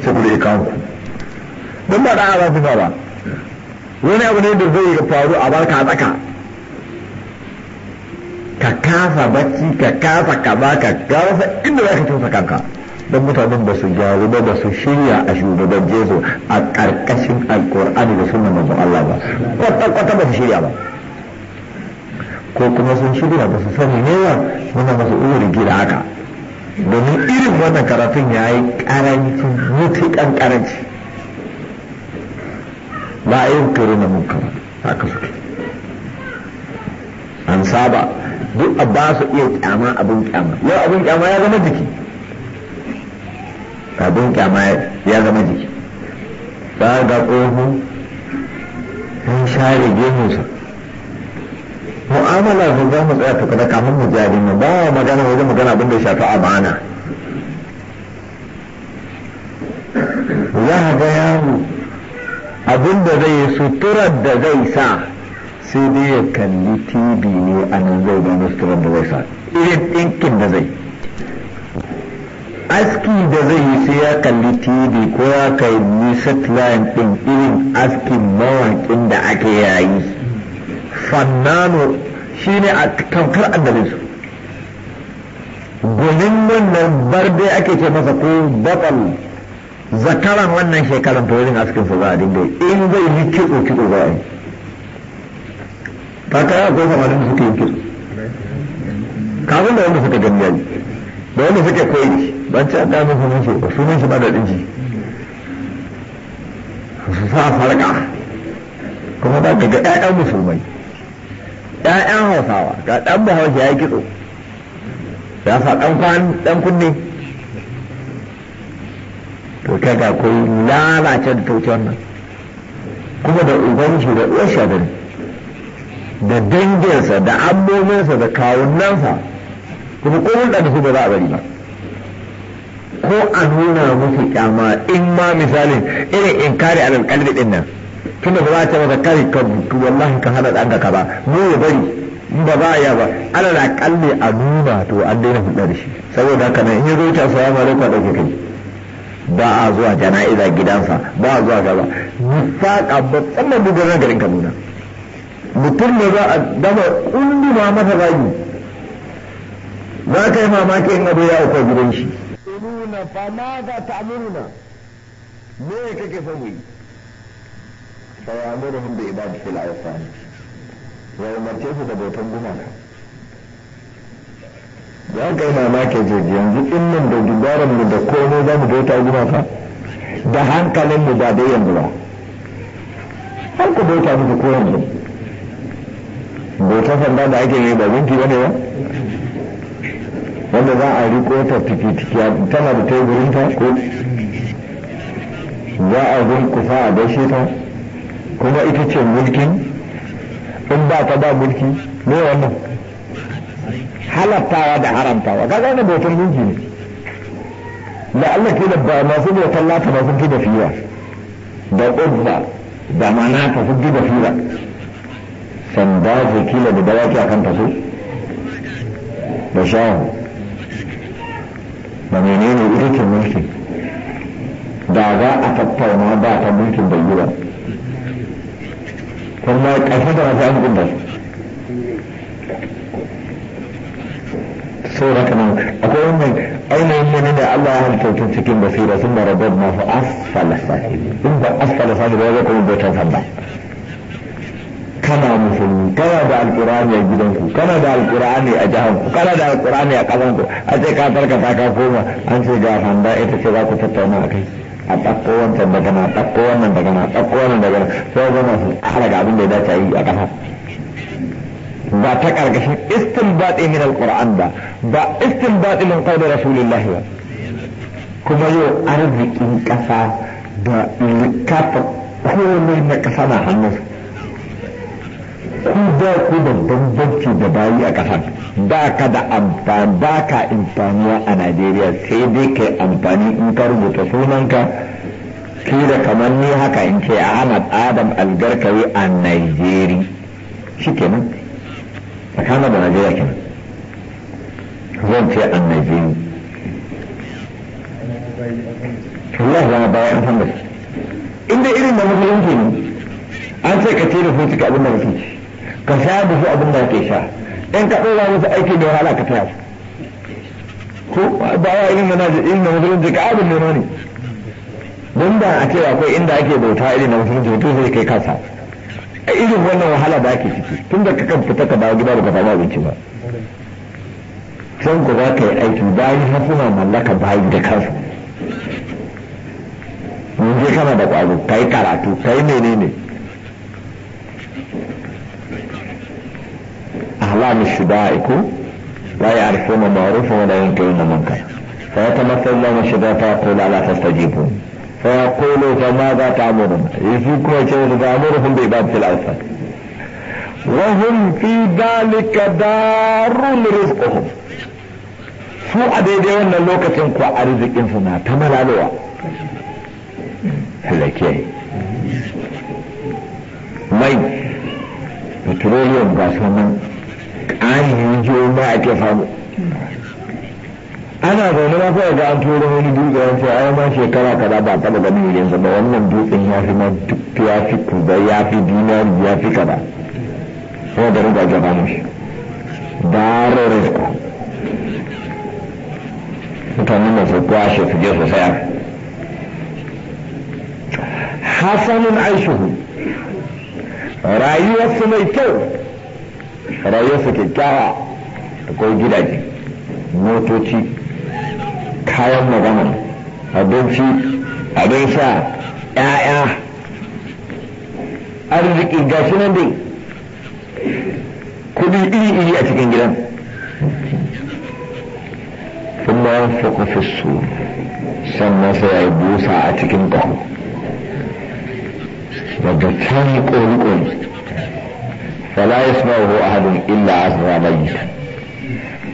sai ku da ku don ba da ala su ba wani abu ne da zai faru a barka a tsaka ka kasa bacci ka kasa kaza ka kasa inda za ka tusa kanka don mutanen ba su gyaru ba ba su shirya a shugaban jezo a ƙarƙashin alƙur'ani da sunan manzon Allah ba kwata-kwata ba su shirya ba ko kuma sun shirya ba su sani newa muna masu uri gida haka domin irin wannan karatun ya yi karancin mutukan karanci ba a yin kare na munkar haka suke an saba duk a ba su iya kyama abin kyama yau abin kyama ya zama jiki abin kyama ya zama jiki ba ga tsoho sun share gemusa. mu'amala ba za mu tsaya tukuna kamar mu jari mu ba magana wajen magana abin da ya shafi amana za ga yaro abin da zai suturar da zai sa sai dai ya kalli tv ne a nan zai na suturar da zai sa irin ɗinkin da zai aski da zai yi sai ya kalli tv ko ya kai satellite ɗin irin askin mawaƙin da ake yayi fannano shi ne a tamkar annabinsu gonin wannan barde ake ce masa ko batsal zakaran wannan shekaran to wurin askin sa za a dinga in zai yi kitso kitso za a yi ta kaya ko samarin da suke yi kitso kafin da wanda suka gani yaji da wanda suke koyi ban ci an da musu mun shi sunan shi ba da dinji su sa farka kuma za daga ga ƴaƴan musulmai yayan hausawa ga ɗan bahaushe ya yi kitso ya sa ɗan kwan ɗan kunne to kaga ko lalace da tauce wannan kuma da uban shi da uwar da da danginsa da abominsa da kawunansa kuma ko da su ba za a bari ba ko a nuna musu kyama in ma misalin irin inkari alal kalbi din nan tunda ba za ta maka kare ka to wallahi ka hana ɗanka ka ba mu ya bari in ba za a ba ana da kalle a nuna to an daina hudar shi saboda haka nan in ya zo ta salamu alaikum a kai ba a zuwa jana'iza gidansa ba a zuwa gaba nifaqa ba tsannan duk na garin Kaduna mutum ne za a dama ma mata bayi za ka yi mamaki in abu ya uku gidan shi. Nuna fa ma ga ta'amuruna me kake son mu yi? فيأمرهم بإبادة الأوثان ويمرتيه دبوتن جمالا za ka yi mamaki jirgi yanzu in nan da dubaranmu da komo za mu bauta gumaka da hankalin mu ba da yanzu ba har ku bauta musu ko yanzu bautar fa da ake yi ba gunki ba ne ba wanda za a riko ta tiki tana da ta ko za a gunkufa a gaishe ta kuma ita ce mulkin in ba ta ba mulki ne wannan halattawa da haramtawa kaga wannan bautan mulki ne la Allah ke da ba masu da tallata ba sun da fiya da ƙudda da mana ta su da fiya da su kila da dawaki a kan su da shahu da menene ita ce mulki da ga a tattauna ba ta mulkin bayyana kuma ƙarshen da masu an gudda sura kana akwai wannan ainihin wani da Allah ya halitta cikin basira sun da rabar masu asfala sahibi in ba asfala sahibi ba zai kuma bautan sallah kana musulmi kana da Alƙur'ani a gidanku kana da Alƙur'ani a jihanku kana da Alƙur'ani a ƙasanku a ce ka farka ta ka koma an ce ga sanda ita ce za ku tattauna a kai a ɗauko wancan daga na ɗauko wannan daga na ɗauko wannan daga na sai zama su tsara abin da ya dace a yi a ƙasa ba ta ƙarƙashin istinbati min alquran ba ba istinbati min qawli rasulillahi ba kuma yau arzikin ƙasa da likafa komai na ƙasa na hannunsa ku ba ku da bambanci da bayi a kasar ba ka da amfani ba ka amfaniya a najeriya sai dai kai amfani in ka rubuta sunanka da kamar ni haka in ce ahmad adam algarkawi a najeri shi kenan tsakanin da najeriya kenan zan ce a najeri Allah ya an san da shi inda irin da musulunci ne an ce ka ce da su abin da musulunci ka sha da su abin da ke sha in ka ɗora musu aiki da wahala ka taya ko ba ya irin na irin musulunci ka abin nema ne don da a cewa akwai inda ake bauta irin na musulunci mutum zai kai kansa a irin wannan wahala da ake ciki tun da kakan fita ka dawo gida baka samu abinci ba san ku za ka yi aiki bayan hasuna mallaka yi da kansu mun je kana da ƙwaro ka yi karatu ka yi menene أحلام الشبائك لا يعرفون معروفا ولا ينكرون منكرا فيتمثل لهم الشباب فيقول ألا تستجيبون فيقول فماذا تعمرون يفيكم وجهه تأمرهم بإبادة الأوثان وهم في ذلك دار رزقهم su a daidai wannan lokacin kuwa arzikinsu na ta malalowa halake mai petroleum ga nan ainihin jiyoyin ba ake famu. ana zaune ma kawai ga an turo wani dutse an ce ai ma shekara kaza ba taba ganin irin sa ba wannan dutsen ya fi ma duk ya fi kuba ya fi dinari ya fi kaza sai da riga gaba mushi daro rizqa mutanen da su kwashe su je su saya hasanun aishuhu rayuwarsu mai kyau rayuwarsa kyakkyawa akwai gidaje motoci kayan magana abinci abin sha ‘ya'ya arziki ga shi nan dai kudi iri-iri a cikin gidan kuma ya fuka su sannan sai ya yi busa a cikin ƙaho wadda ta yi ƙoli-ƙoli فلا يسمعه أحد إلا عزر ميت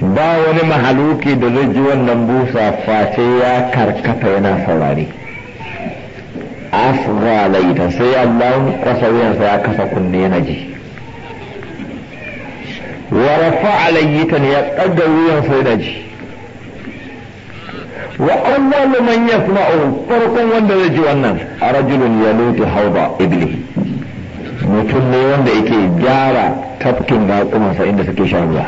ba wani mahaluki da zai ji wannan busa face ya karkata yana saurari asra laita sai Allah kwasa wuyansa ya kasa kunne yana ji wa rafa'a layyitan ya tsaga wuyansa yana ji wa awwalu man yasma'u farkon wanda zai ji wannan a rajulun yalutu hauda iblis mutum ne wanda yake gyara tafkin raƙumansa inda suke sha ruwa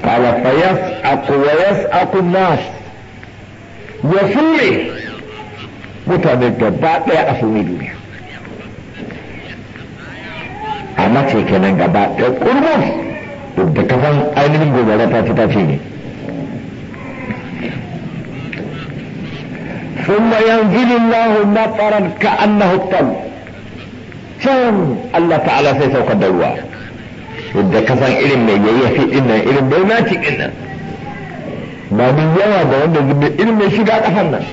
qala fa yas'aqu wa yas'aqu nas ya fume mutane gaba ɗaya a fume duniya a mace kenan gaba ɗaya kurmus da kafan ainihin gobara ta ci ta ce ne ثم ينزل الله مطرا كأنه الطل can Allah ta'ala sai saukar da ruwa da kasan irin mai ya din nan irin bai mati din nan ba mun yawa da wanda zube irin mai shiga kasan nan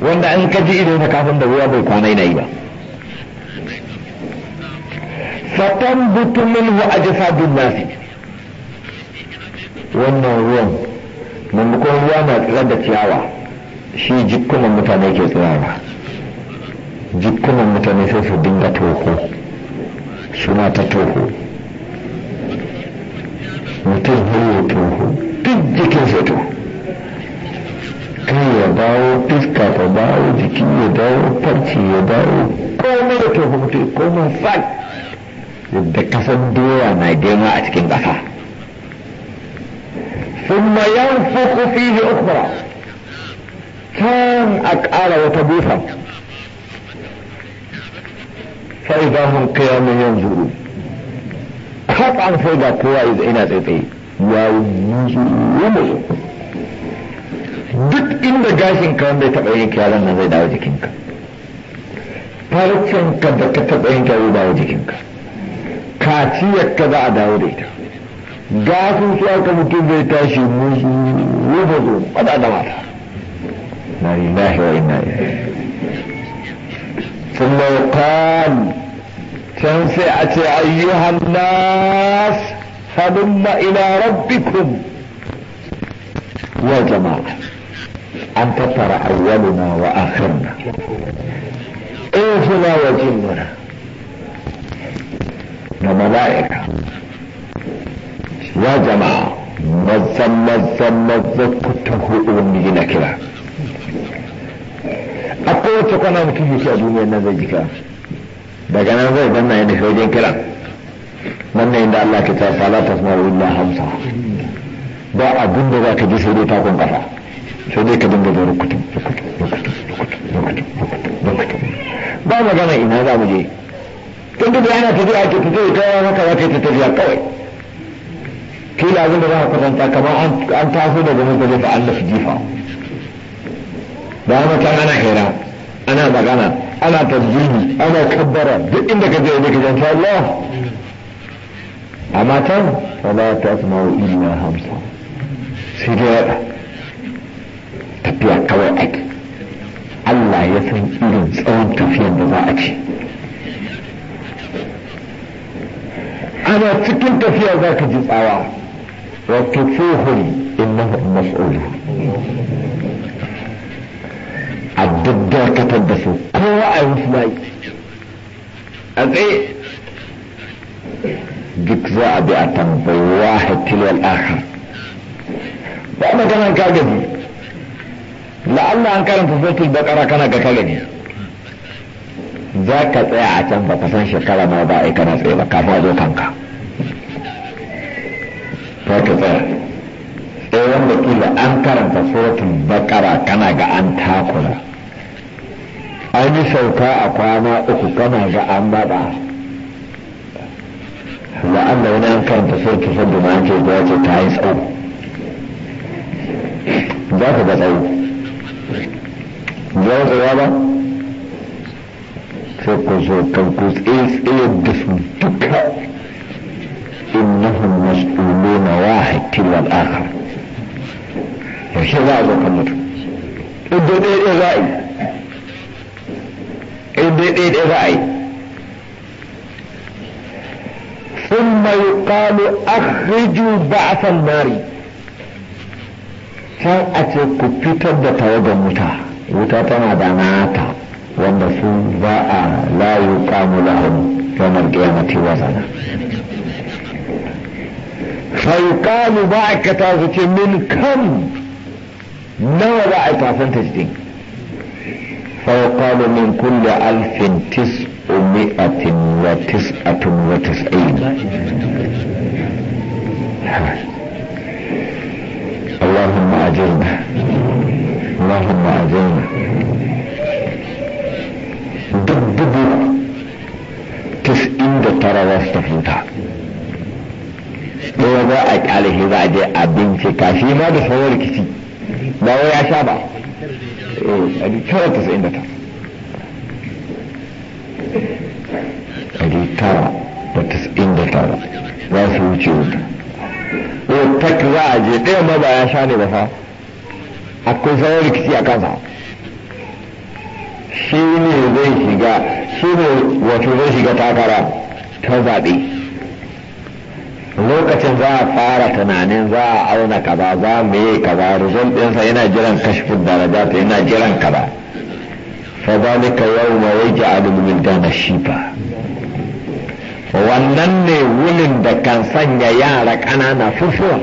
wanda an kaji ido na kafin da ruwa bai kwanai na yi ba fatan butu jasa ajsadun nasi wannan ruwan maimakon ruwa na tsirar da ciyawa shi jikunan mutane ke tsirarwa jikunan mutane sai su dinga toko suna ta toko mutum hanyar toko duk jikin sai toko kai ya dawo iska ta dawo jiki ya dawo farci ya dawo komai da toko mutum komai fal yadda kasan doya na girma a cikin ƙasa ثم ينفخ فيه أخرى كان wata وتبوسا sai ga hun kiyamun yanzu kakan sai ga kowa ina tsaitsaye duk inda gashin ka wanda ya taɓa yin kyaran nan zai dawo jikinka farcen ka da ka taɓa yin kyaran dawo jikinka kaciyar ka za a dawo da ita gasun su aka mutum zai tashi musu rubazo ba da mata na lillahi wa inna ilaihi ثم يقال تنفعت أيها الناس فضم إلى ربكم يا جماعة أنت ترى أولنا وآخرنا انفنا وجننا وملائكة يا جماعة مزا مزا مزا كنت هؤلاء a kowace kwana mutum yake a duniyar nan zai jika daga nan zai zanna yana shaidin kiran wannan inda Allah ke ta sala ta sama wurin hamsa ba abin da za ka ji sai dai takon kafa sai dai ka dinga da rukutun ba magana ina za mu je tun duk yana tafiya ke tafiya ta yawa maka za ka yi tafiya kawai kila abin da za ka kwatanta kamar an taso daga mazalin da Allah su jifa da haka ana hira ana magana ana tasbihi ana kabbara duk inda ka je ka janta Allah amma tan wala tasma'u illa hamsa sai dai wada tafiya kawai ake Allah ya san irin tsawon tafiyar da za a ce ana cikin tafiya za ka ji tsawa wa tufuhun innahu mas'ulu daddakatar da su kowa a yi musu bayi a tsaye duk za a bi a tambayi wahid tilwal akhar ba maganan ka gani la'alla an karanta sautul bakara kana ga ka gani za ka tsaya a can ba ka san shekara ma ba yi kana tsaye ba kafin a zo kanka Ta ka tsaya tsaye eh, wanda kila an karanta suratul bakara kana ga an takura an yi sauka a kwana uku kana ga an bada da an da wani an karanta sai ki fadda ma ake da ce ta yi tsawo za ka ga tsawo za tsawa ba sai ku zo kan ku tsaye da su duka innahum mas'uluna wahid tilal akhar yaushe za a zo kan mutum idan ɗaya za a yi in dai ɗaya ɗaya za a yi ثم يقال أخرجوا بعث النار sai a ce ku fitar da tawagar wuta wuta tana da nata wanda su za a layu kamu lahun yanar kiyamati wazana ba a su ce min kam nawa za a tafanta jikin? فيقال من كل ألف تسعمائة وتسعة وتسعين اللهم أجرنا اللهم أجرنا دبب تسعين ترى وستفنتا ويضاءك عليه بعد أبنك كافي ما دفعه لكسي يا شابا ɗari eh, tara tasa'in da tara ɗari tara da tasa'in da tara za su wuce wuta ko tak za a je ɗaya ma ba ya sha ne ba fa akwai sauran rikici a kansa shi ne zai shiga shi ne wato zai shiga takara ta zaɓe lokacin za a fara tunanin za a auna kaza za mu yi kaza result ɗinsa yana jiran kashfin daraja ta yana jiran kaza fa zalika yawma yaj'alu min dana shifa wannan ne wulin da kan sanya yara ƙanana fufuwa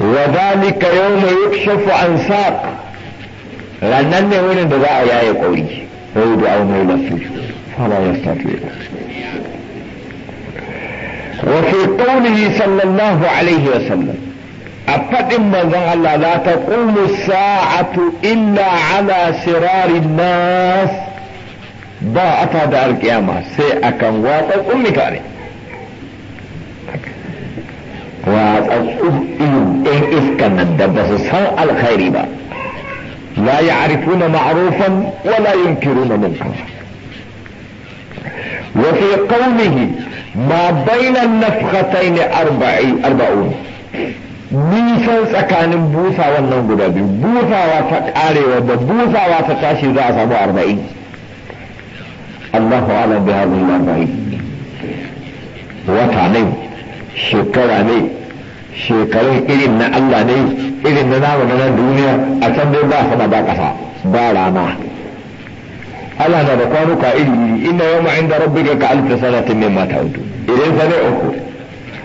wa zalika yawma yukshafu an saq rannan ne wulin da za a yaye kauri wa yudu au mai lasu fala yastatu وفي قوله صلى الله عليه وسلم أفإن ظل لا تقوم الساعة إلا على سرار الناس با أتى دار القيامة سيأكم واتقوم مثالي واتقوم إن إن إسكن الدبس ساء الخير با لا يعرفون معروفا ولا ينكرون منكرا وفي قومه ma bainan nafkatai ne arba'un nisan tsakanin busa wannan guda biyu busawa ta karewa da busawa ta tashi za a samu arba'in Allahu ala bi hadhihi arba'in wata ne shekara ne shekarun irin na Allah ne irin na namu na nan duniya a can dai ba sama ba kasa ba rana Allah na da kwanuka iri iri inna yawma inda rabbika ka alf sanatin mimma ta'udu idan sane uku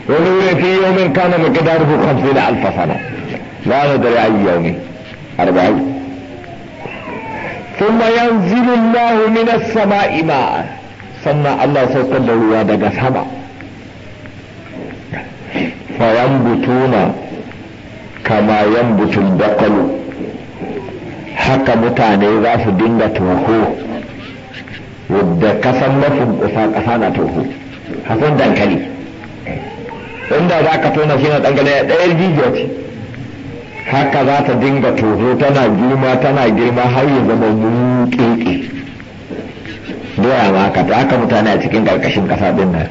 wani wurin fi yawmin kana miqdaruhu 50 alf sana la nadri ay yawmin 40 ثم ينزل الله من السماء ماء سمى الله سوكر da ruwa daga sama فينبتون كما ينبت البقل haka mutane za su dinga toho wadda kasan mafin ƙasa ƙasa na toho hasan dankali inda za ka tona shi na dankali a ɗayar jijiya ce haka za ta dinga toho tana girma tana girma har ya zama muƙeƙe doya ma haka ta haka mutane a cikin ƙarƙashin ƙasa din nan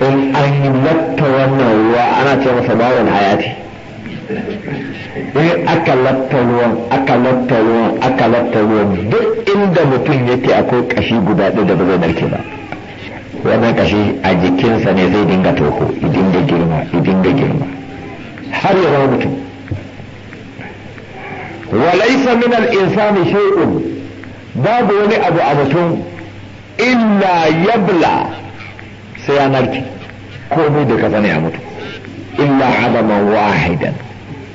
in an yi latta wannan ruwa ana ce masa bawon hayati i aka latta ruwan aka latta ruwan aka latta ruwan duk inda mutum yake akwai kashi guda ɗaya da ba zai narke ba wannan kashi a jikinsa ne zai dinga toko idin da girma idin da girma har ya zama mutum walaisa min al-insani shay'un babu wani abu a mutum illa yabla sai ya narke komai da ka sani a mutum illa adama wahidan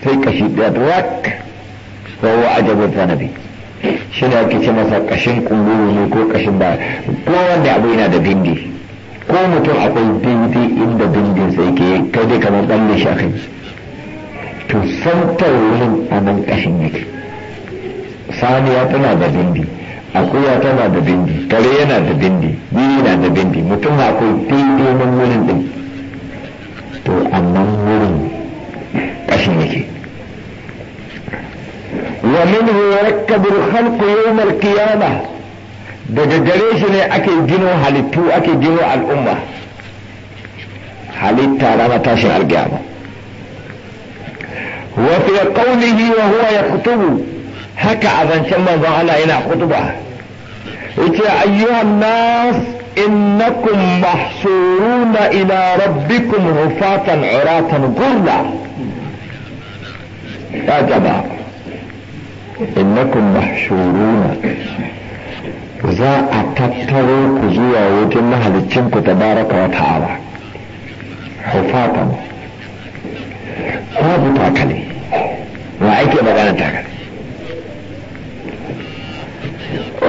sai kashi ɗaya rak tsawo ajabin zanabi shi ne ake ce masa kashin kunguru ne ko kashin ba ko wanda abu yana da bindi ko mutum akwai bindi inda bindin sai ke kai dai kamar ɗan lishafi to santar wurin a nan kashin yake saniya tana da bindi akuya tana da bindi kare yana da bindi biyu na da bindi mutum akwai bindi nan wurin din to a nan wurin kashin yake ومنه يركب الخلق يوم القيامة ده جريش ني اكي جنو حالتو اكي جنو الأمة حالتا لما تاشي على القيامة وفي قوله وهو يخطب هكا اذن شما ظهنا الى خطبة اتي ايها الناس انكم محصورون الى ربكم رفاة عراة غرلا يا جماعه innakum mahshuruna za a tattaro ku zuwa wajen mahalicin ku tabaraka wa ta'ala hufatan babu takali wa ake magana takali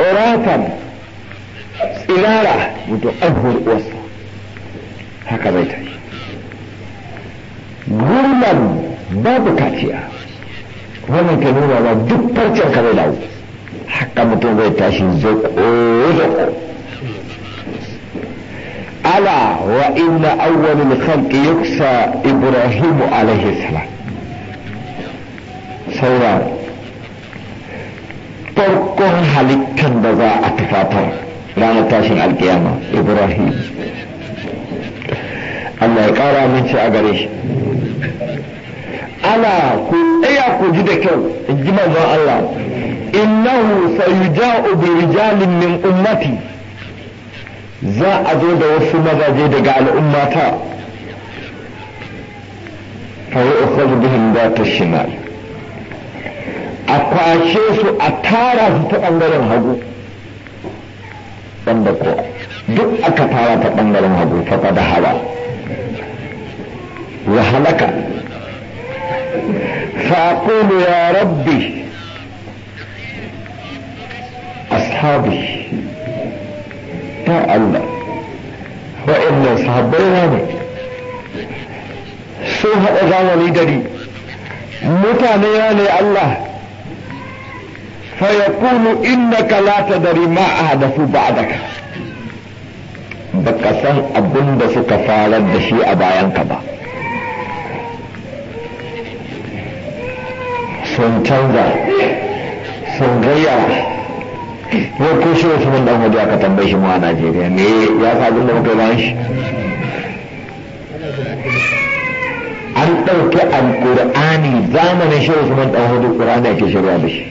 uratan tsinara mutu ahur uwarsa haka zai ta yi gurman babu kaciya ወንከ ነው على وإن أول الخلق يكسى إبراهيم عليه السلام سورة تركوا حلقا بغا أتفاتر لا نتاشن على القيامة إبراهيم الله قال من شاء ana ku tsaya ku ji da kyau in ji manzon Allah innahu sayuja'u bi rijalin min ummati za a zo da wasu mazaje daga al'ummata fa yu'khadhu bihim ta shimal a kwashe su a tara su ta bangaren hagu wanda ko duk aka tara ta bangaren hagu fa da hawa wa halaka فأقول يا ربي أصحابي تعالى وإن أصحاب بيغاني سوها لي لدري متانياني الله فيقول إنك لا تدري ما أهدف بعدك بكسان أبن دسك فالد أبا أبايان sun canza sun gayyara yau ko aka tambaye shi mu a Najeriya ya sa abin da muka yi an ɗauki alƙur'ani zamanin shi wasu mun dan waje ake shirya da shi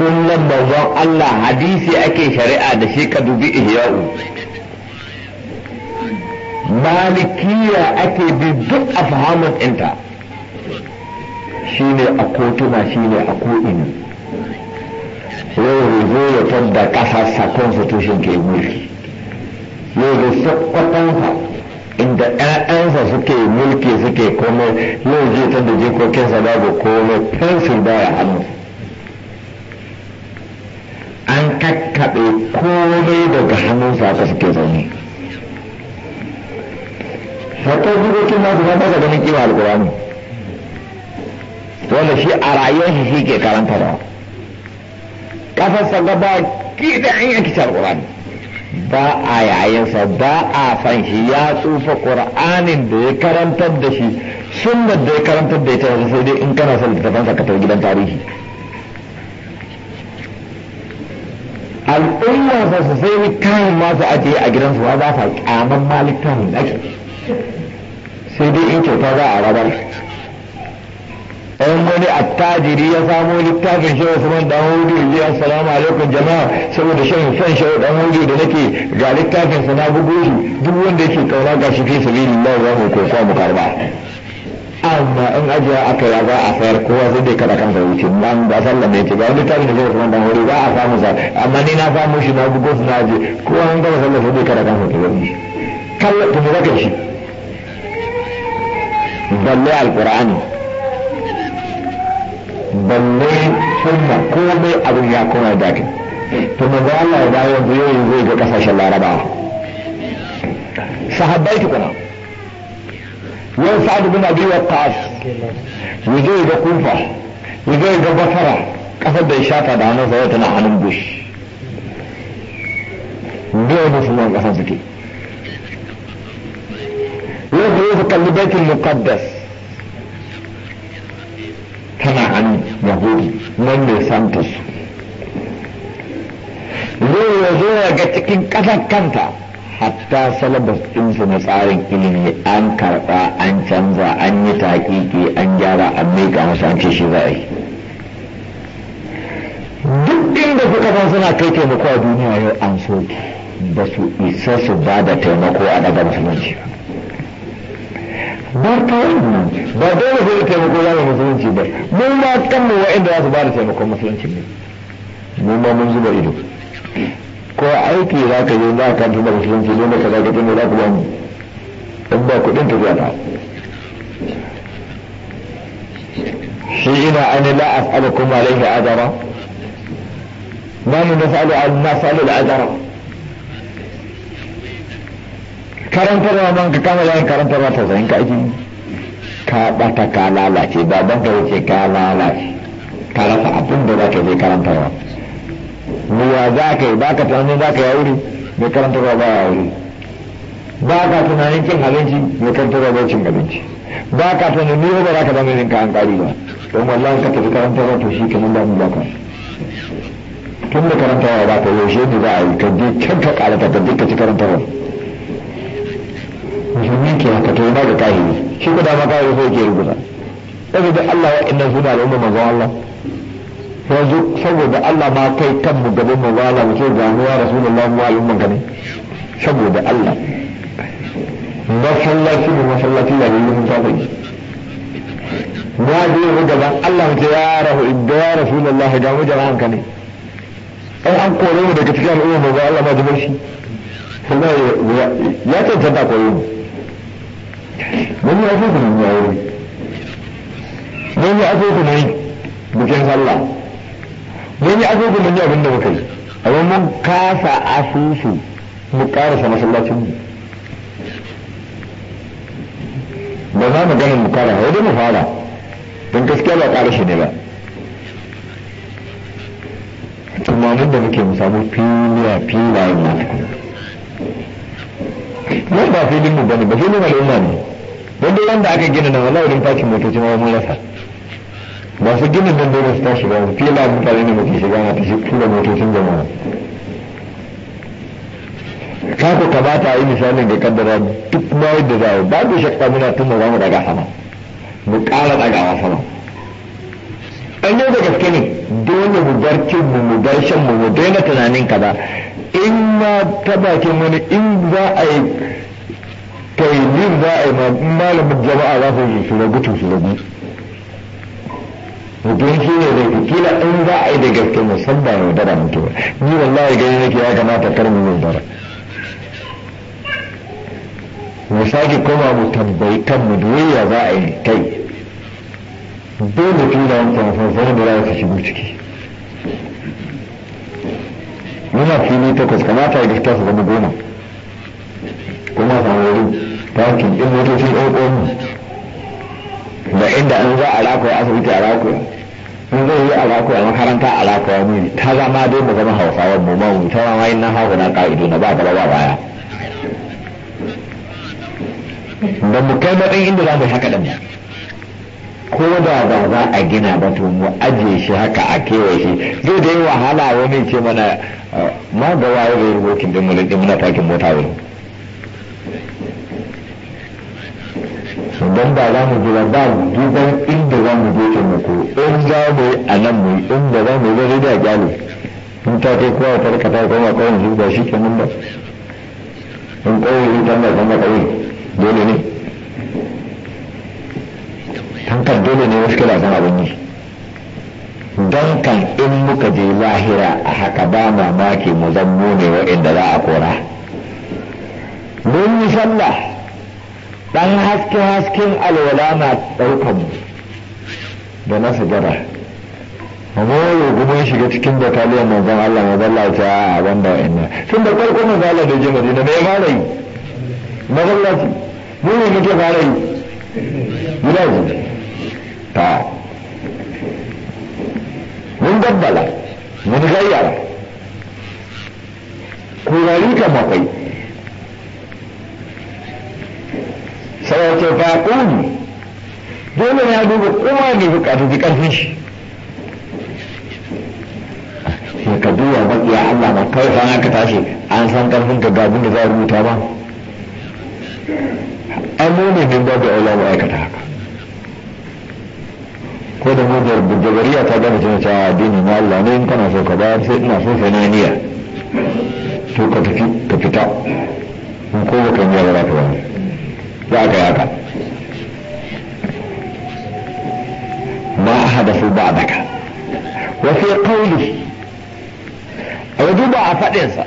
manzon Allah hadisi ake shari'a da shi ka dubi ihya'u malikiya ake bi duk afhamun ɗinta. shine a kotuna shine a ko'ina yau rizo ya tadda sa constitution ke mulki yau da sakwatansa inda ‘ya'yansa suke mulki suke komai yau zai tadda jikokinsa babu komai pencil baya hannu an kakkaɓe komai daga hannunsa aka suke zaune hatta jikokin nasu ba ta ganin kima alkurani wanda shi a rayuwar shi ke karanta da kafarsa gaba kida an yanki alkur'ani ba a yayinsa ba a san shi ya tsufa qur'anin da ya karantar da shi sunnar da ya karantar da ita wasu sai dai in kana son littafansa ka tafi gidan tarihi al'ummarsa su sai littafin masu ajiye a gidansu ba ba sa kyaman ma littafin ake sai dai in kyauta za a rabar ɗan wani attajiri ya samo littafin wasu Usman dan Hudu ya assalamu alaikum jama'a saboda shan san shehu dan Hudu da nake ga littafin sa na bugu shi duk wanda yake kauna ga shi fi sabilillah za mu ko karba amma in ajiya aka ya za a sayar kowa sai dai kada kan wuce nan ba sallan ne ce ga littafin da shehu Usman dan Hudu ba a samu sa amma ni na samu shi na bugu na je kowa an ga sallan sai dai kada kan wuce kallon da mu zaka shi balle alqur'ani balle sunna komai abin ya koma da kai to manzo Allah ya dawo yanzu yau zai ga kasashen larabawa sahabbai tukuna yau sa'ad bin abi waqqas yaje ga kufa yaje ga basara kasar da ya shafa da hannun sa tana hannun bush dole musulman kasar suke yau zai kalli baitul muqaddas tana hannun yahudi nan ne santos zai ya zo ya ga cikin ƙasar kanta hatta salabas ɗinsu na tsarin ilimi an karɓa an canza an yi taƙiƙi an gyara an miƙa musu an ce shi za a yi duk inda suka san suna kai taimako a duniya yau an soke ba su isa su ba da taimako a daga musulunci ba don kawai ba dole sai taimako za mu musulunci ba mun ma kanmu wa'inda za su ba da taimakon musulunci ne mun ma mun zuba ido ko aiki za ka yi za ka tuna musulunci don da ka za ka tuna za ku ba mu in ba kuɗin ta zata shi ina ani la as'alukum alayhi ajra ma min nas'alu an nas'alu al-ajra karantarwa man ka kama yawan karantarwa ta zayin ka aiki ka bata ka lalace ba ban ka wuce ka lalace ka rasa abin da za ka je karantarwa ruwa za ka yi ba ka tunanin za ka yi wuri mai karantarwa ba ya wuri ba ka tunanin cin abinci mai karantarwa ba cin abinci ba ka tunanin ba za ka zama yin kayan kari ba don wallahi ka tafi karantarwa to shi kenan ba mu baka ka tun da karantarwa ba ta yaushe ne za a yi ka je can ka ƙarata ka je ka ci karantarwa musulmin ke haka to yana ga kahiri shi ko dama kahiri ko ke rubuta saboda Allah wa'annan suna da umma manzo Allah yanzu saboda Allah ma kai kan mu gaban manzo Allah mu ce ganuwa rasulullahi wa al'umman ka ne saboda Allah masallaci ne masallaci da ne mun ta yi ya je mu gaban Allah mu ce ya rahu ya da mu jama'an ka ne ai an kore mu daga cikin al'umma manzo Allah ma shi ya cancanta kore mu wani ya fi kuma ya wuri wani ya fi kuma bikin sallah wani ya fi kuma yi abinda muka yi amma mun kasa asusu mu karasa masallacin mu ba za mu ganin mu kara wai dai mu fara don gaskiya ba kara shi ne ba tunanin da muke mu samu filiya filayen masu kuma ba filin mu bane ba filin al'umma ne wanda da wanda aka gina na wani wurin fakin motoci ma mun rasa masu gina nan dole su tashi ba fiye da mutane ne muke shiga na tashi tura motocin jama'a ka ku kamata a yi misalin da kadara duk ma yadda za a babu shakka muna tun da za mu daga sama mu ƙara dagawa sama an yau da gaske ne dole mu bar mu mu bar mu mu daina tunanin kaza in ma ta bakin wani in za a yi kai yin za a yi malamin jama'a za su yi shiga gutun shiga biyu don shi ne zai kila in za a yi da gaske musamman ya dara mutu ba ni wallahi gani nake ya kamata kar mu mai dara mu sake koma mu tambayi kanmu duwayya za a yi kai dole tun da wani tamfafan da za su shigo ciki muna fili takwas kamata ya gaskiya su zama goma kuma ba takin in motocin ɗan da inda an za a rakuwa asibiti a rakuwa in zai yi a rakuwa makaranta a rakuwa mu ta zama dai mu zama hausawa mu ma ta ma yin na hagu na ka'ido na ba gaba ba baya da mu kai matsayin inda za mu yi haka da mu ko da ba za a gina ba to mu ajiye shi haka a kewaye shi zai da yi wahala wani ce mana ah, ma ga waye yi rubokin din mu na takin mota wurin don ba za mu jira ba duban inda za mu je taimako in za mu yi a nan mu yi in ba za mu yi zai da gyalo in ta kai kowa ta rika ta koma kawai su ba shi nan ba in kawai yi tanda zama kawai dole ne tankar dole ne wasu kira zama abin yi don kan in muka je lahira a haka ba mamaki mu zan mu ne wa'inda za a kora mun yi sallah dan haske hasken alwala na ɗaukan da na sujada amma yau kuma shiga cikin da bataliyar manzon Allah mazalla ta a banda wa'annan tun da farko mazalla da je madina me fara yi mazalla ce mu ne muke fara yi gidaje ta mun dabbala mun gayyara kurari kan makwai sarauta ta ƙuni dole ya duba kuma ne bukatu ji ƙarfin shi sai ka duba baƙiya Allah ba kai fa haka tashi an san ƙarfin ka gabin da za a rubuta ba an nuna min da aula ba aikata haka ko da mu da jabariya ta gama cewa cewa addini na Allah ne in kana so ka bayar sai ina so sai niyya to ka tafi ka fita in ko ba kan yi ba za za ka ما حدث بعدك وفي قوله وجب أفدنسا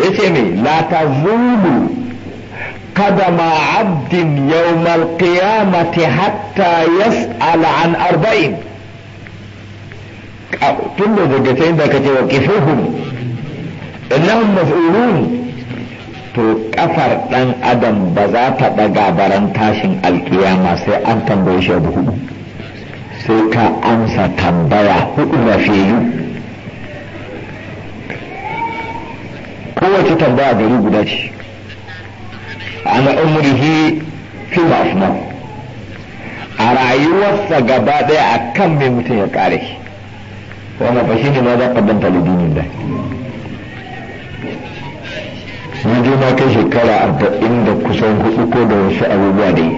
اسمي لا تزول قدم عبد يوم القيامة حتى يسأل عن أربعين كل زوجتين ذاك توقفوهم إنهم مسؤولون to kafar dan adam ba za ta daga baran tashin alkiyama sai an tambaye shi abu hudu sai ka amsa tambaya hudu na fiye kowace tambaya gari guda ce ana umrihi fi ma'afna a rayuwarsa gaba daya a kan mai mutum ya kare wannan ba shi ne ma za ka danta lidinin na je na kai shekara arba'in da kusan hudu ko da wasu abubuwa dai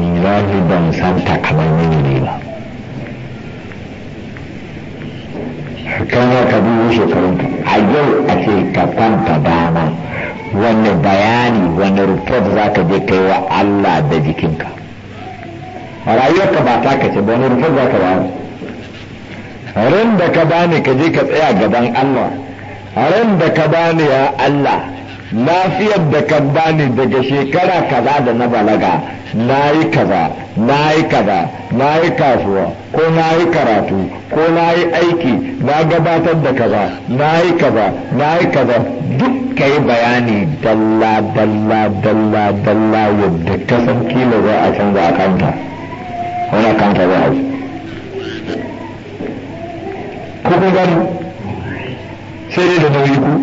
ni rahi ban san takamaiman ne ba kana ka biyu shekarunka a yau a ce ka kwanta dama wani bayani wani report za ka je kai wa Allah da jikinka a rayuwarka ba ta kace ba wani report za ka bayar ran da ka bani ka je ka tsaya gaban Allah ran da ka bani ya Allah lafiyar da ka bani daga shekara kaza da na balaga na yi kaza na yi kaza na yi kasuwa ko na yi karatu ko na yi aiki na gabatar da kaza na yi kaza na yi kaza duk ka bayani dalla dalla dalla dalla yadda ka san kila za a canza akanta wani akanta za a yi ko gani sai da nauyi ku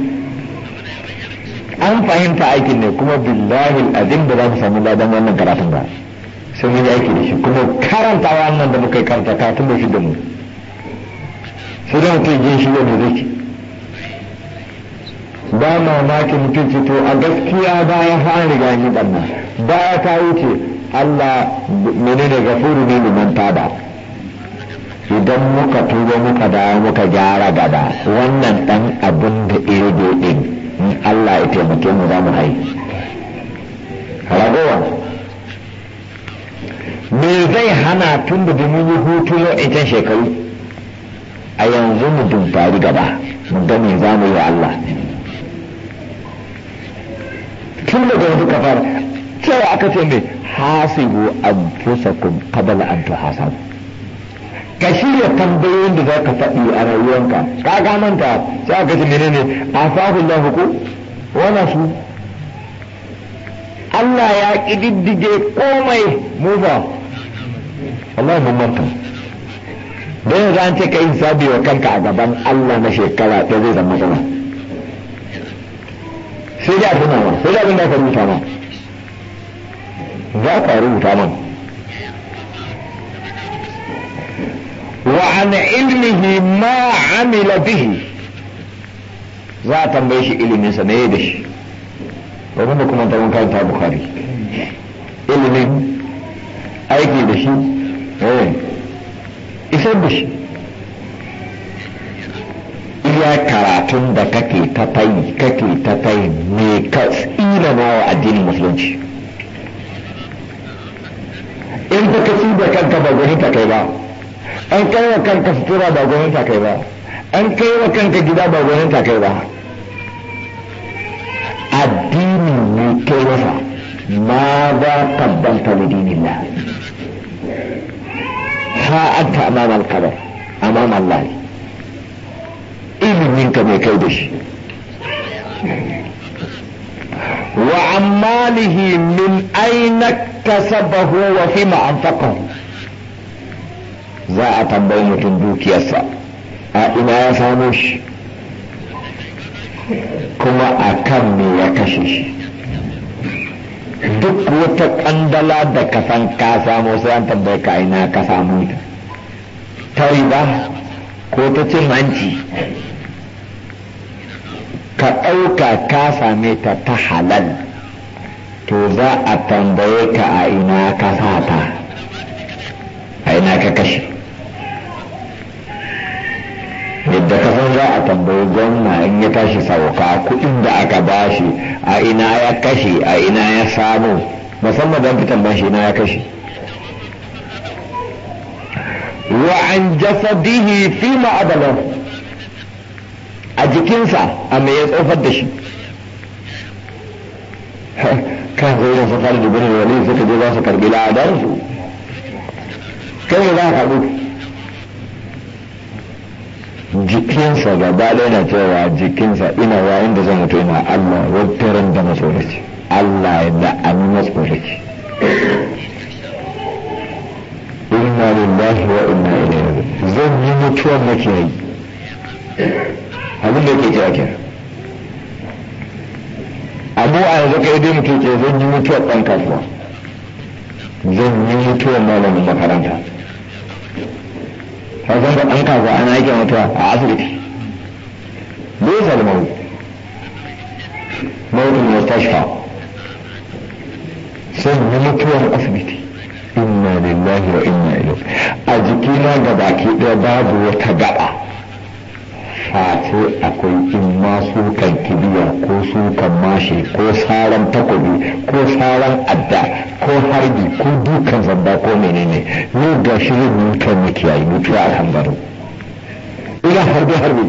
an fahimta aikin ne kuma billahi azim da za ku samu ladan wannan karatun ba sai mun yi aiki da shi kuma karanta wannan da muka yi karanta karatun da shi da mu sai da mutum jin shi wanda zai ba mamaki mutum ce to a gaskiya ya an riga ni ba baya ta wuce Allah menene gafuru ne liman taba idan muka tuba muka dawo muka gyara gaba wannan dan abun da irido din in Allah ya taimake mu za mu hai ragowa me zai hana tun da mun yi hutu ita shekaru a yanzu mu dumfari gaba mu me za mu yi wa Allah tun da yanzu kafar cewa aka ce me hasibu anfusakum qabla an tuhasabu ka shirya tambayoyin da za ka faɗi a rayuwanka ka ga manta sai aka ce menene A afahu Allah ko wala su Allah ya kididdige komai mu ba Allah mun manta don yanzu an ce ka yi sabi wa kanka a gaban Allah na shekara ta zai zama matsala sai da tunawa sai da abin da ka rubuta ma za ka rubuta man وعن علمه ما عمل به za a tambaye shi iliminsa me da shi domin da kuma tabin karanta bukari ilimin aiki da shi isar da shi iya karatun da kake ta tayi kake ta tayi me ka tsira ma wa addinin musulunci in ka ci da kanka ba gwani ta kai ba an kai wa kanka sutura ba gwanin ta kai ba an kai wa kanka gida ba gwanin ta kai ba addinin ne kai wasa ma za tabbanta da dinin la ha an ta amama alkabar amama Allah ilimin ka mai kai da shi wa ammalihi min aina kasabahu wa fi ma anfaqahu za a tambayi mutum dukiyarsa a ina ya samu shi kuma a kan me ya kashe shi duk wata kandala da ka san ka samu sai an tambaye ka ina ka samu ta ta ba, ko ta cin hanci ka ɗauka ka same ta ta halal to za a tambaye ka a ina ka sata a ina ka kashe yadda ka san za a tambayi gwamna in ya tashi sauka kuɗin da aka bashi a ina ya kashe a ina ya samu musamman don fitan bashi ina ya kashe wa an jasadihi fi ma'adalar a jikinsa a me ya tsofar da shi kan zai da safar da birnin wani suka je za su karbi ladarsu kai za ka karbi jikinsa gaba da yana cewa jikinsa ina wa inda zan mutu ina Allah wataran da matsoraci Allah ya la'ani matsoraci inna lillahi wa inna ilaihi zan yi mutuwar nake yi abin da yake kira kira abu a yanzu kai dai mutu ke zan yi mutuwar ɗan kasuwa zan yi mutuwar malamin makaranta wajen da ɗan kaza ana yake mutuwa a asibiti bisa da mawuyi mawuyin mustashfa Sai na mutuwar asibiti inna lillahi wa inna ilaihi a jikina ga baki ɗaya babu wata gaba face akwai in ma sukan kibiya ko sukan mashi ko saran takobi ko saran adda ko harbi ko dukan zabba ko menene ne ga shi zai mutuwa mutuwa yi mutuwa a kan baro ina harbi harbi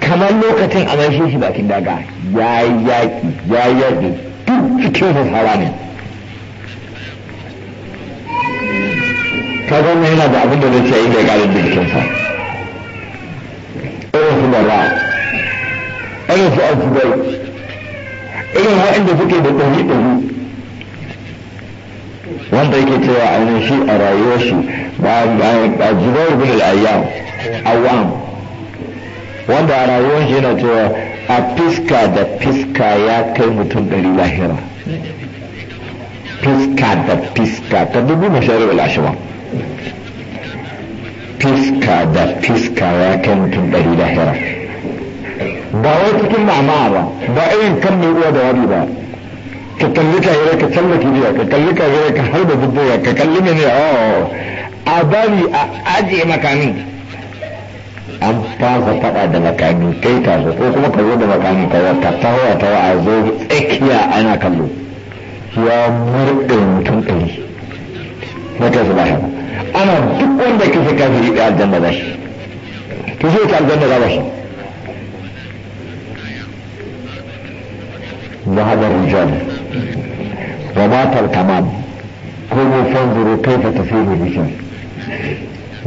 kamar lokacin a maishe shi bakin daga ya yi yaƙi ya yi yaƙi duk cikin hasara ne ka zama yana da abin da zai ce yi da ƙarin bikinsa irin su da ba irin su an su irin waɗanda suke da ɗari ɗari wanda yake cewa ainihin shi a rayuwar shi ba zubar bin al'ayyam awam wanda a rayuwar shi yana cewa a fiska da fiska ya kai mutum ɗari lahira fiska da fiska ta dubu masharar al'ashiwa fiska da fiska ya kai mutum ɗari lahira باوي تكن مع بعضا باين كم يقود وريبا كتلك هيري كتلك يديا كتلك هيري كحلبة بدوية كتلك هيري اوه أباني أجي مكاني أم فاز فقط هذا مكاني كي تازو فوق ما كذو هذا مكاني كذو تتهو أتهو عزوه إكيا أنا كلو يا مرد المتون اي ما كذو سباحة أنا دقون بكي في كذو يقع الجنة باشي كذو يقع الجنة باشي ذهب الرجال ومات الكمال قوموا فانظروا كيف تسير الرجال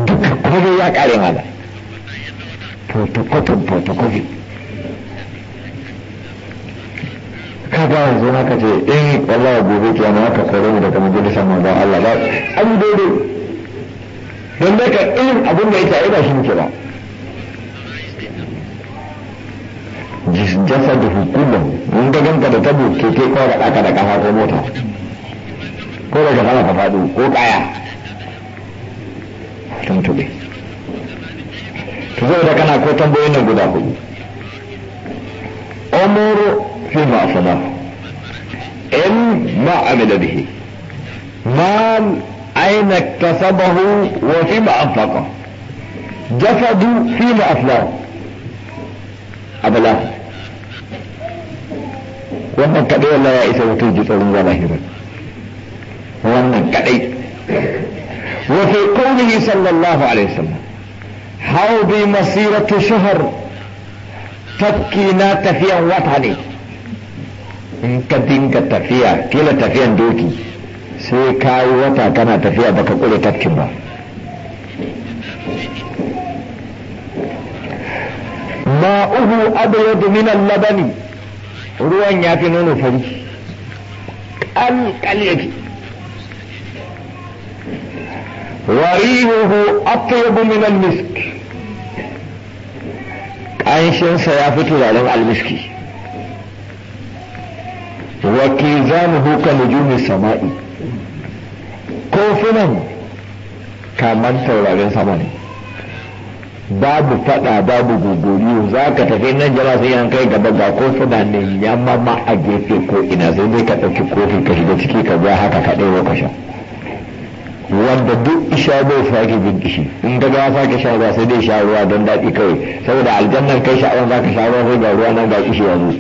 duka komai ya kare mana photocopy photocopy ka ga yanzu ce in wallahi gobe ke ma haka kore mu daga majalisar ba Allah ba an daidai don daga irin abin da yake aida shi muke ba jasadu hukuman Mun da ganka da tabo keke ko da ɗaka da kafa ko mota ko da kafa ka faɗo ko ƙaya. kan tube to da kana ko tambayoyin nan guda hudu umuru fi ma'asala ilm ma amila bihi mal aina kasabahu wa fi ma anfaqa jasadu fi ma aflahu abala wannan kadai Allah ya isa mutum ji tsoron zuwa lahirin wannan kadai wa fi sallallahu alaihi sallam hau haudi masiratu shahar tafki na tafiyan wata ne in ka dinga tafiya kila tafiyan doki sai ka yi wata kana tafiya baka kure tafkin ba ma'uhu abyad min al-labani ruwan ya fi nono fari kalkal yake wa rihuhu atyab min al-misk kanshin sa ya fito da al-miski wa kizamuhu ka nujumis sama'i kofunan kamar taurarin sama ne babu fada babu gogoriyo za ka tafi nan jama'a sai an kai gaba ga ko suna ne ya mama a gefe ko ina sai dai ka ɗauki kofi ka shiga ciki ka ga haka ka ɗaya ka sha wanda duk isha bai sake jin kishi in ka ga sake sha ruwa sai dai sha ruwa don daɗi kawai saboda aljannan kai sha'awar za ka sha ruwa sai ga ruwa nan ga kishi yanzu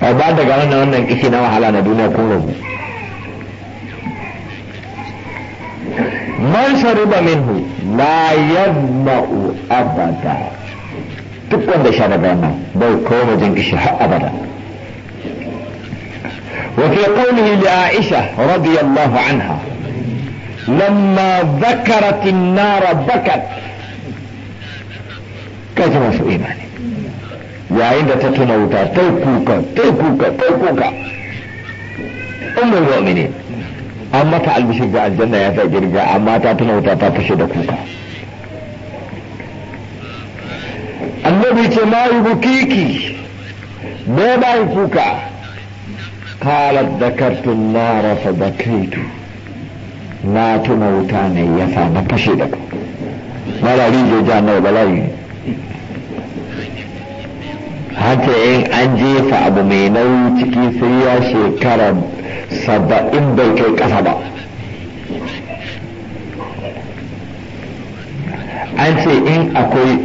ba daga wannan wannan kishi na wahala na duniya kun rabu man shariba minhu la yadma'u abada duk wanda sha daga wannan bai koma jin kishi har abada وفي قوله لعائشة رضي الله عنها لما ذكرت النار بكت كثر في إيمانه yayin da ta tuna wuta ta kuka ta kuka ta kuka umar mu'minin an maka albishir ga aljanna ya sa girga amma ta tuna wuta ta fashe da kuka annabi ce ma yi bukiki bai ba yi kuka kalar da kartun na rasa da kaitu na tuna wuta ne ya sa na fashe da kuka mara rijo ja nawa bala'i haka yin an jefa abu mai nauyi ciki sai ya shekarar saba'in bai kai ƙasa ba an ce in akwai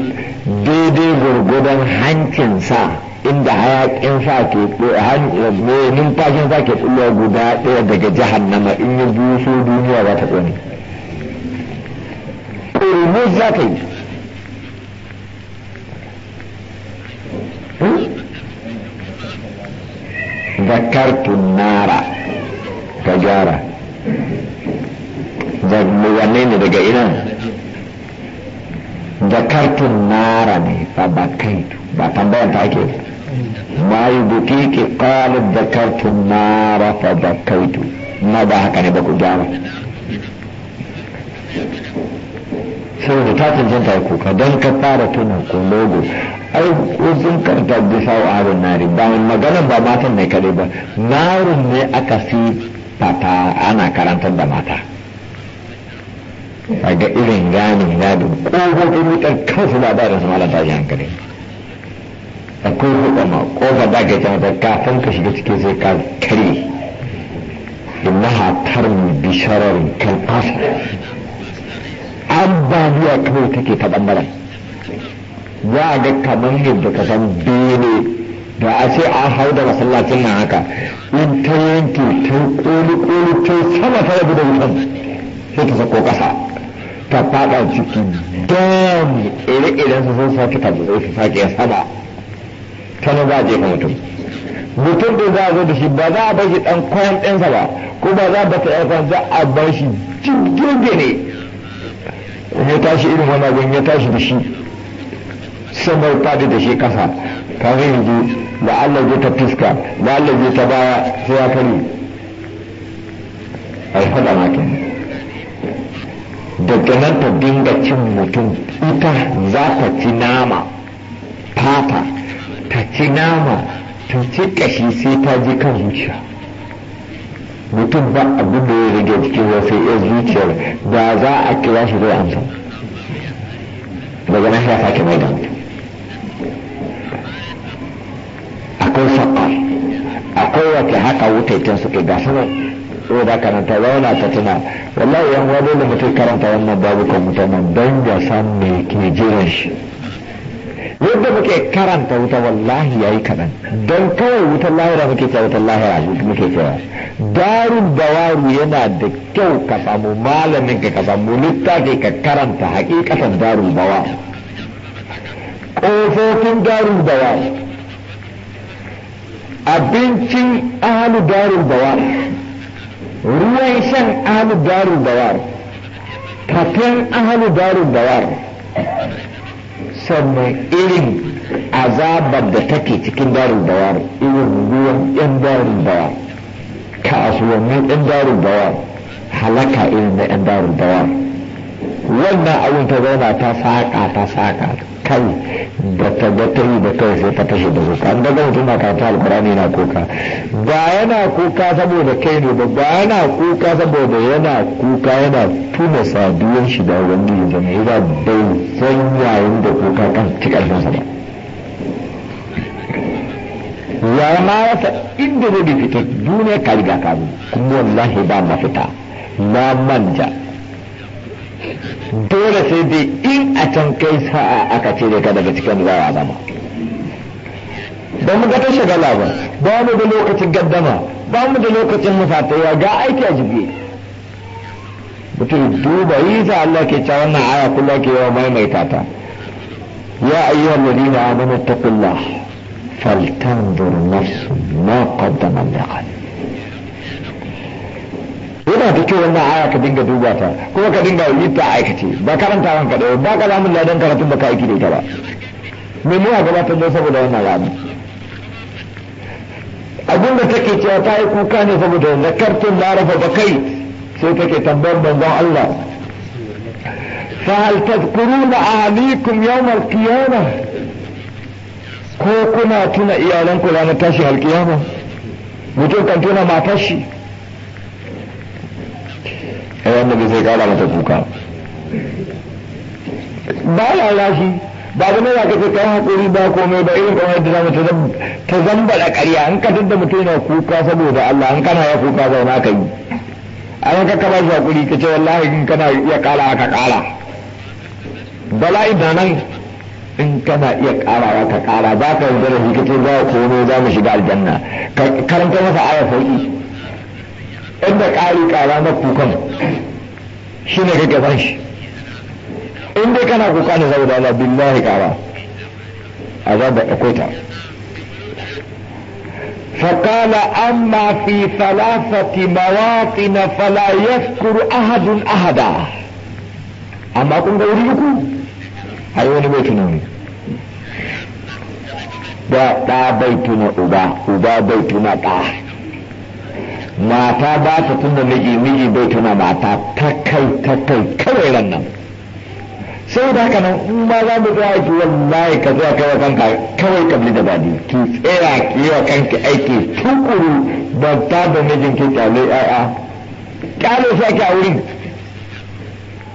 daidai gurgudan hancinsa inda hayakin sa ke numfashin sa ke tsulluwa guda ɗaya daga jahannama in yi buso duniya za ta tsoni ƙurmus za ta yi ذكرت hmm? النار ka gyara da wanne ne daga ina zakartun nara ne fa ba kai ba tambayan ta ake ma yi buki ki kalin zakartun nara fa ba kai na ba haka ne ba ku gyara sai da ta cancanta ya kuka don ka fara tuna ko logo ai kudin karta bisa wa aron nari ba maganar ba matan ne kare ba narin ne aka fi fata ana karantar da mata a ga irin ganin gadin ƙofofin wutar kansu ba da su malam tashi hankali akwai hukama ƙofa da ga jama'a da kafin ka shiga cikin sai ka kare innaha tarmi bi shararin kan asar ambaliya kawai take ta bangaren za a ga kamar yadda ka san bene da a ce a hau da masallacin nan haka in ta yanke ta koli koli ta sama ta rabu da wutan sai ta sako kasa ta fada ciki don ire-iren su sun sake ta buɗe su sake sama ta na ba a jefa mutum mutum da za a zo da shi ba za a bar shi ɗan kwayan ɗinsa ba ko ba za a bata ɗan za a bar shi jirgin ne ya tashi irin wani abin ya tashi da shi samar fadi da shi kasa zai yanzu da Allah ya ta fuska da Allah ya ta baya sai ya kare ai fada maka da daga ta dinga cin mutum ita za ta ci nama fata ta ci nama ta ci kashi sai ta ji kan zuciya mutum ba abin da ya rage cikin wasu iya zuciyar da za a kira shi zai amsa daga nan ya sake mai da mutum akwai a akwai wata haka wutaitin suke ga sanar so da karanta zauna ta tuna wallahi yan wa dole mutum karanta wannan babu kan mutanen don ya san me ke jiran shi yadda muke karanta wuta wallahi ya yi kaɗan don kawai wutan lahira muke cewa wutar lahira muke cewa darun dawaru yana da kyau ka samu malamin ka ka samu littafi ka karanta hakikatan darun bawa ƙofofin darun dawaru abincin ahlu darul bawar ruwan shan ahlu darul bawar kafin ahlu darul bawar sannan irin azabar da take cikin darul bawar irin ruwan yan darul bawar kasuwannin yan darul bawar halaka irin na yan darul bawar wannan abin ta zauna ta saƙa ta saƙa kai da ta da ta yi da kai sai ta tashi da kuka an daga mutum na karanta alkurani na kuka ba yana kuka saboda kai ne ba ba yana kuka saboda yana kuka yana tuna saduwar shi da wanda ya zama ba bai san yayin da kuka kan ci karfin sa ba ya ma rasa inda zai fita duniya ka riga ka kuma wallahi ba mafita na manja dole sai dai in a can kai sa'a aka ce da ka daga cikin za a zama ba mu ga ta shagala ba ba mu da lokacin gaddama ba mu da lokacin mufataya ga aiki a jibi mutum duba yi za Allah ke cewa wannan aya kula ke yawa maimaita ta ya ayyuhal ladina amanu taqullah faltanzur nafsun ma qaddamat liqad yana da kyau wannan aya ka dinga duba ta kuma ka dinga yi ta aikace ba karanta wanka da ba ka zamun ladan karatun ba ka aiki da ita ba me ne a gabatar saboda wannan rami abin da take cewa ta yi kuka ne saboda zakartun larafa ba kai sai take tambayar manzon Allah فهل تذكرون أهليكم يوم القيامة ko kuna tuna kula na tashi alkiyama mutum kan tuna matar shi wanda bai sai kara mata kuka ba ya lashi ba da mai ka ce kai hakuri ba komai ba irin kamar da zamu ta zambala ƙarya an ka tadda mutum yana kuka saboda Allah an kana ya kuka zauna ka yi an ka kaba shi hakuri ka ce wallahi in kana iya kala ka kara bala'i da nan in kana iya wa ka kara ba ka yanzu da ka ce za komai za mu shiga aljanna karanta masa ayar sauƙi inda ƙari ƙara na kukan shi ne kake san shi in dai kana kuka ne saboda Allah billahi ƙara azaba akwai ta فقال أما في ثلاثة مواطن فلا يذكر أحد أحدا أما كن قوليكم هاي وني بيتنا دا دا بيتنا أبا أبا بيتنا دا mata ba ta tuna miji miji bai tuna mata ta kai ta kai kawai ran nan sai da haka nan in ba za mu zuwa ki wallahi ka zuwa kai kanka kawai ka bi da badi ki tsera ki yi wa kanki aiki tukuru da ta da mijin ki kyale ƴaƴa kyale sai ake aure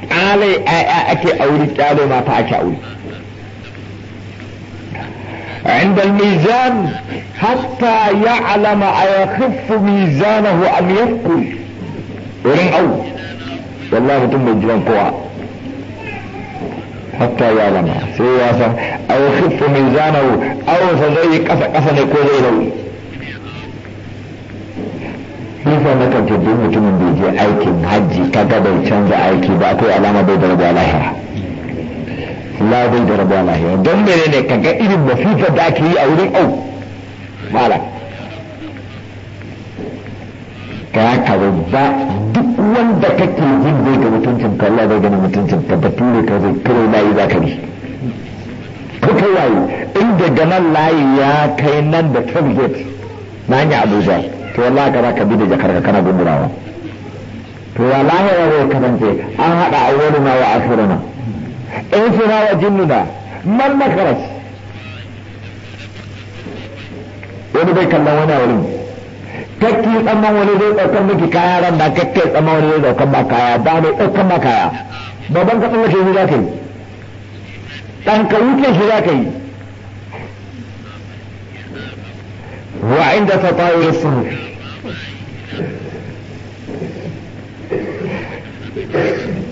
kyale ƴaƴa ake aure kyale mata ake aure عند الميزان حتى يعلم ايخف ميزانه ام يبكي ولم او والله ثم يجران قوى حتى يعلم سيدي ايخف ميزانه او سيدي كفى كفى نكوى ليلو كيف نكا تدوم تمن بيجي ايكي مهجي كتب الشنز ايكي باكو علامة بيدرب عليها labin da rabuwa lahira don mene ne ka ga irin masifa da ake yi a wurin au mala ta haka ba duk wanda ka ke jin zai ga mutuncin ka Allah zai gani mutuncin ka bature ka zai kiro layi za ka bi ko inda ganan layi ya kai nan da target na hanyar abuja to wallahi ka ka bi da jakar ka kana gungurawa to wallahi ya zai kasance an haɗa a wani na wa asirina انسنا وجننا ما المخرج wani bai kallon wani wurin kakki tsamman wani zai ɗaukan miki kaya ran da kakki tsamman wani zai ɗaukan ba kaya ba mai ɗaukan ba kaya babban ka tsallake shi za ka yi ɗan ka wuce shi za ka yi wa inda ta tayi sun Thank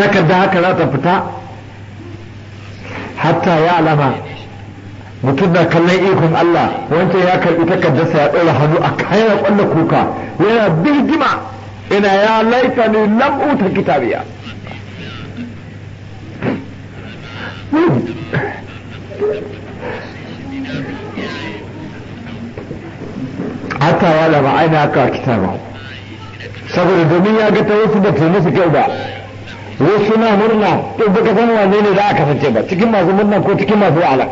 takarda haka za ta fita hatta ya alama mutum na kallon ikon Allah wancan ya karbi takardarsa ya ɗora hannu a kayan kwallon kuka yana birgima ina ya laita ne lam'u ta kitabiya hatta ya alama aina aka kitaba saboda domin ya ga ta wasu da ta musu kyau ba wasu na murna in baka san wane ne za a kasance ba cikin masu murna ko cikin masu wahala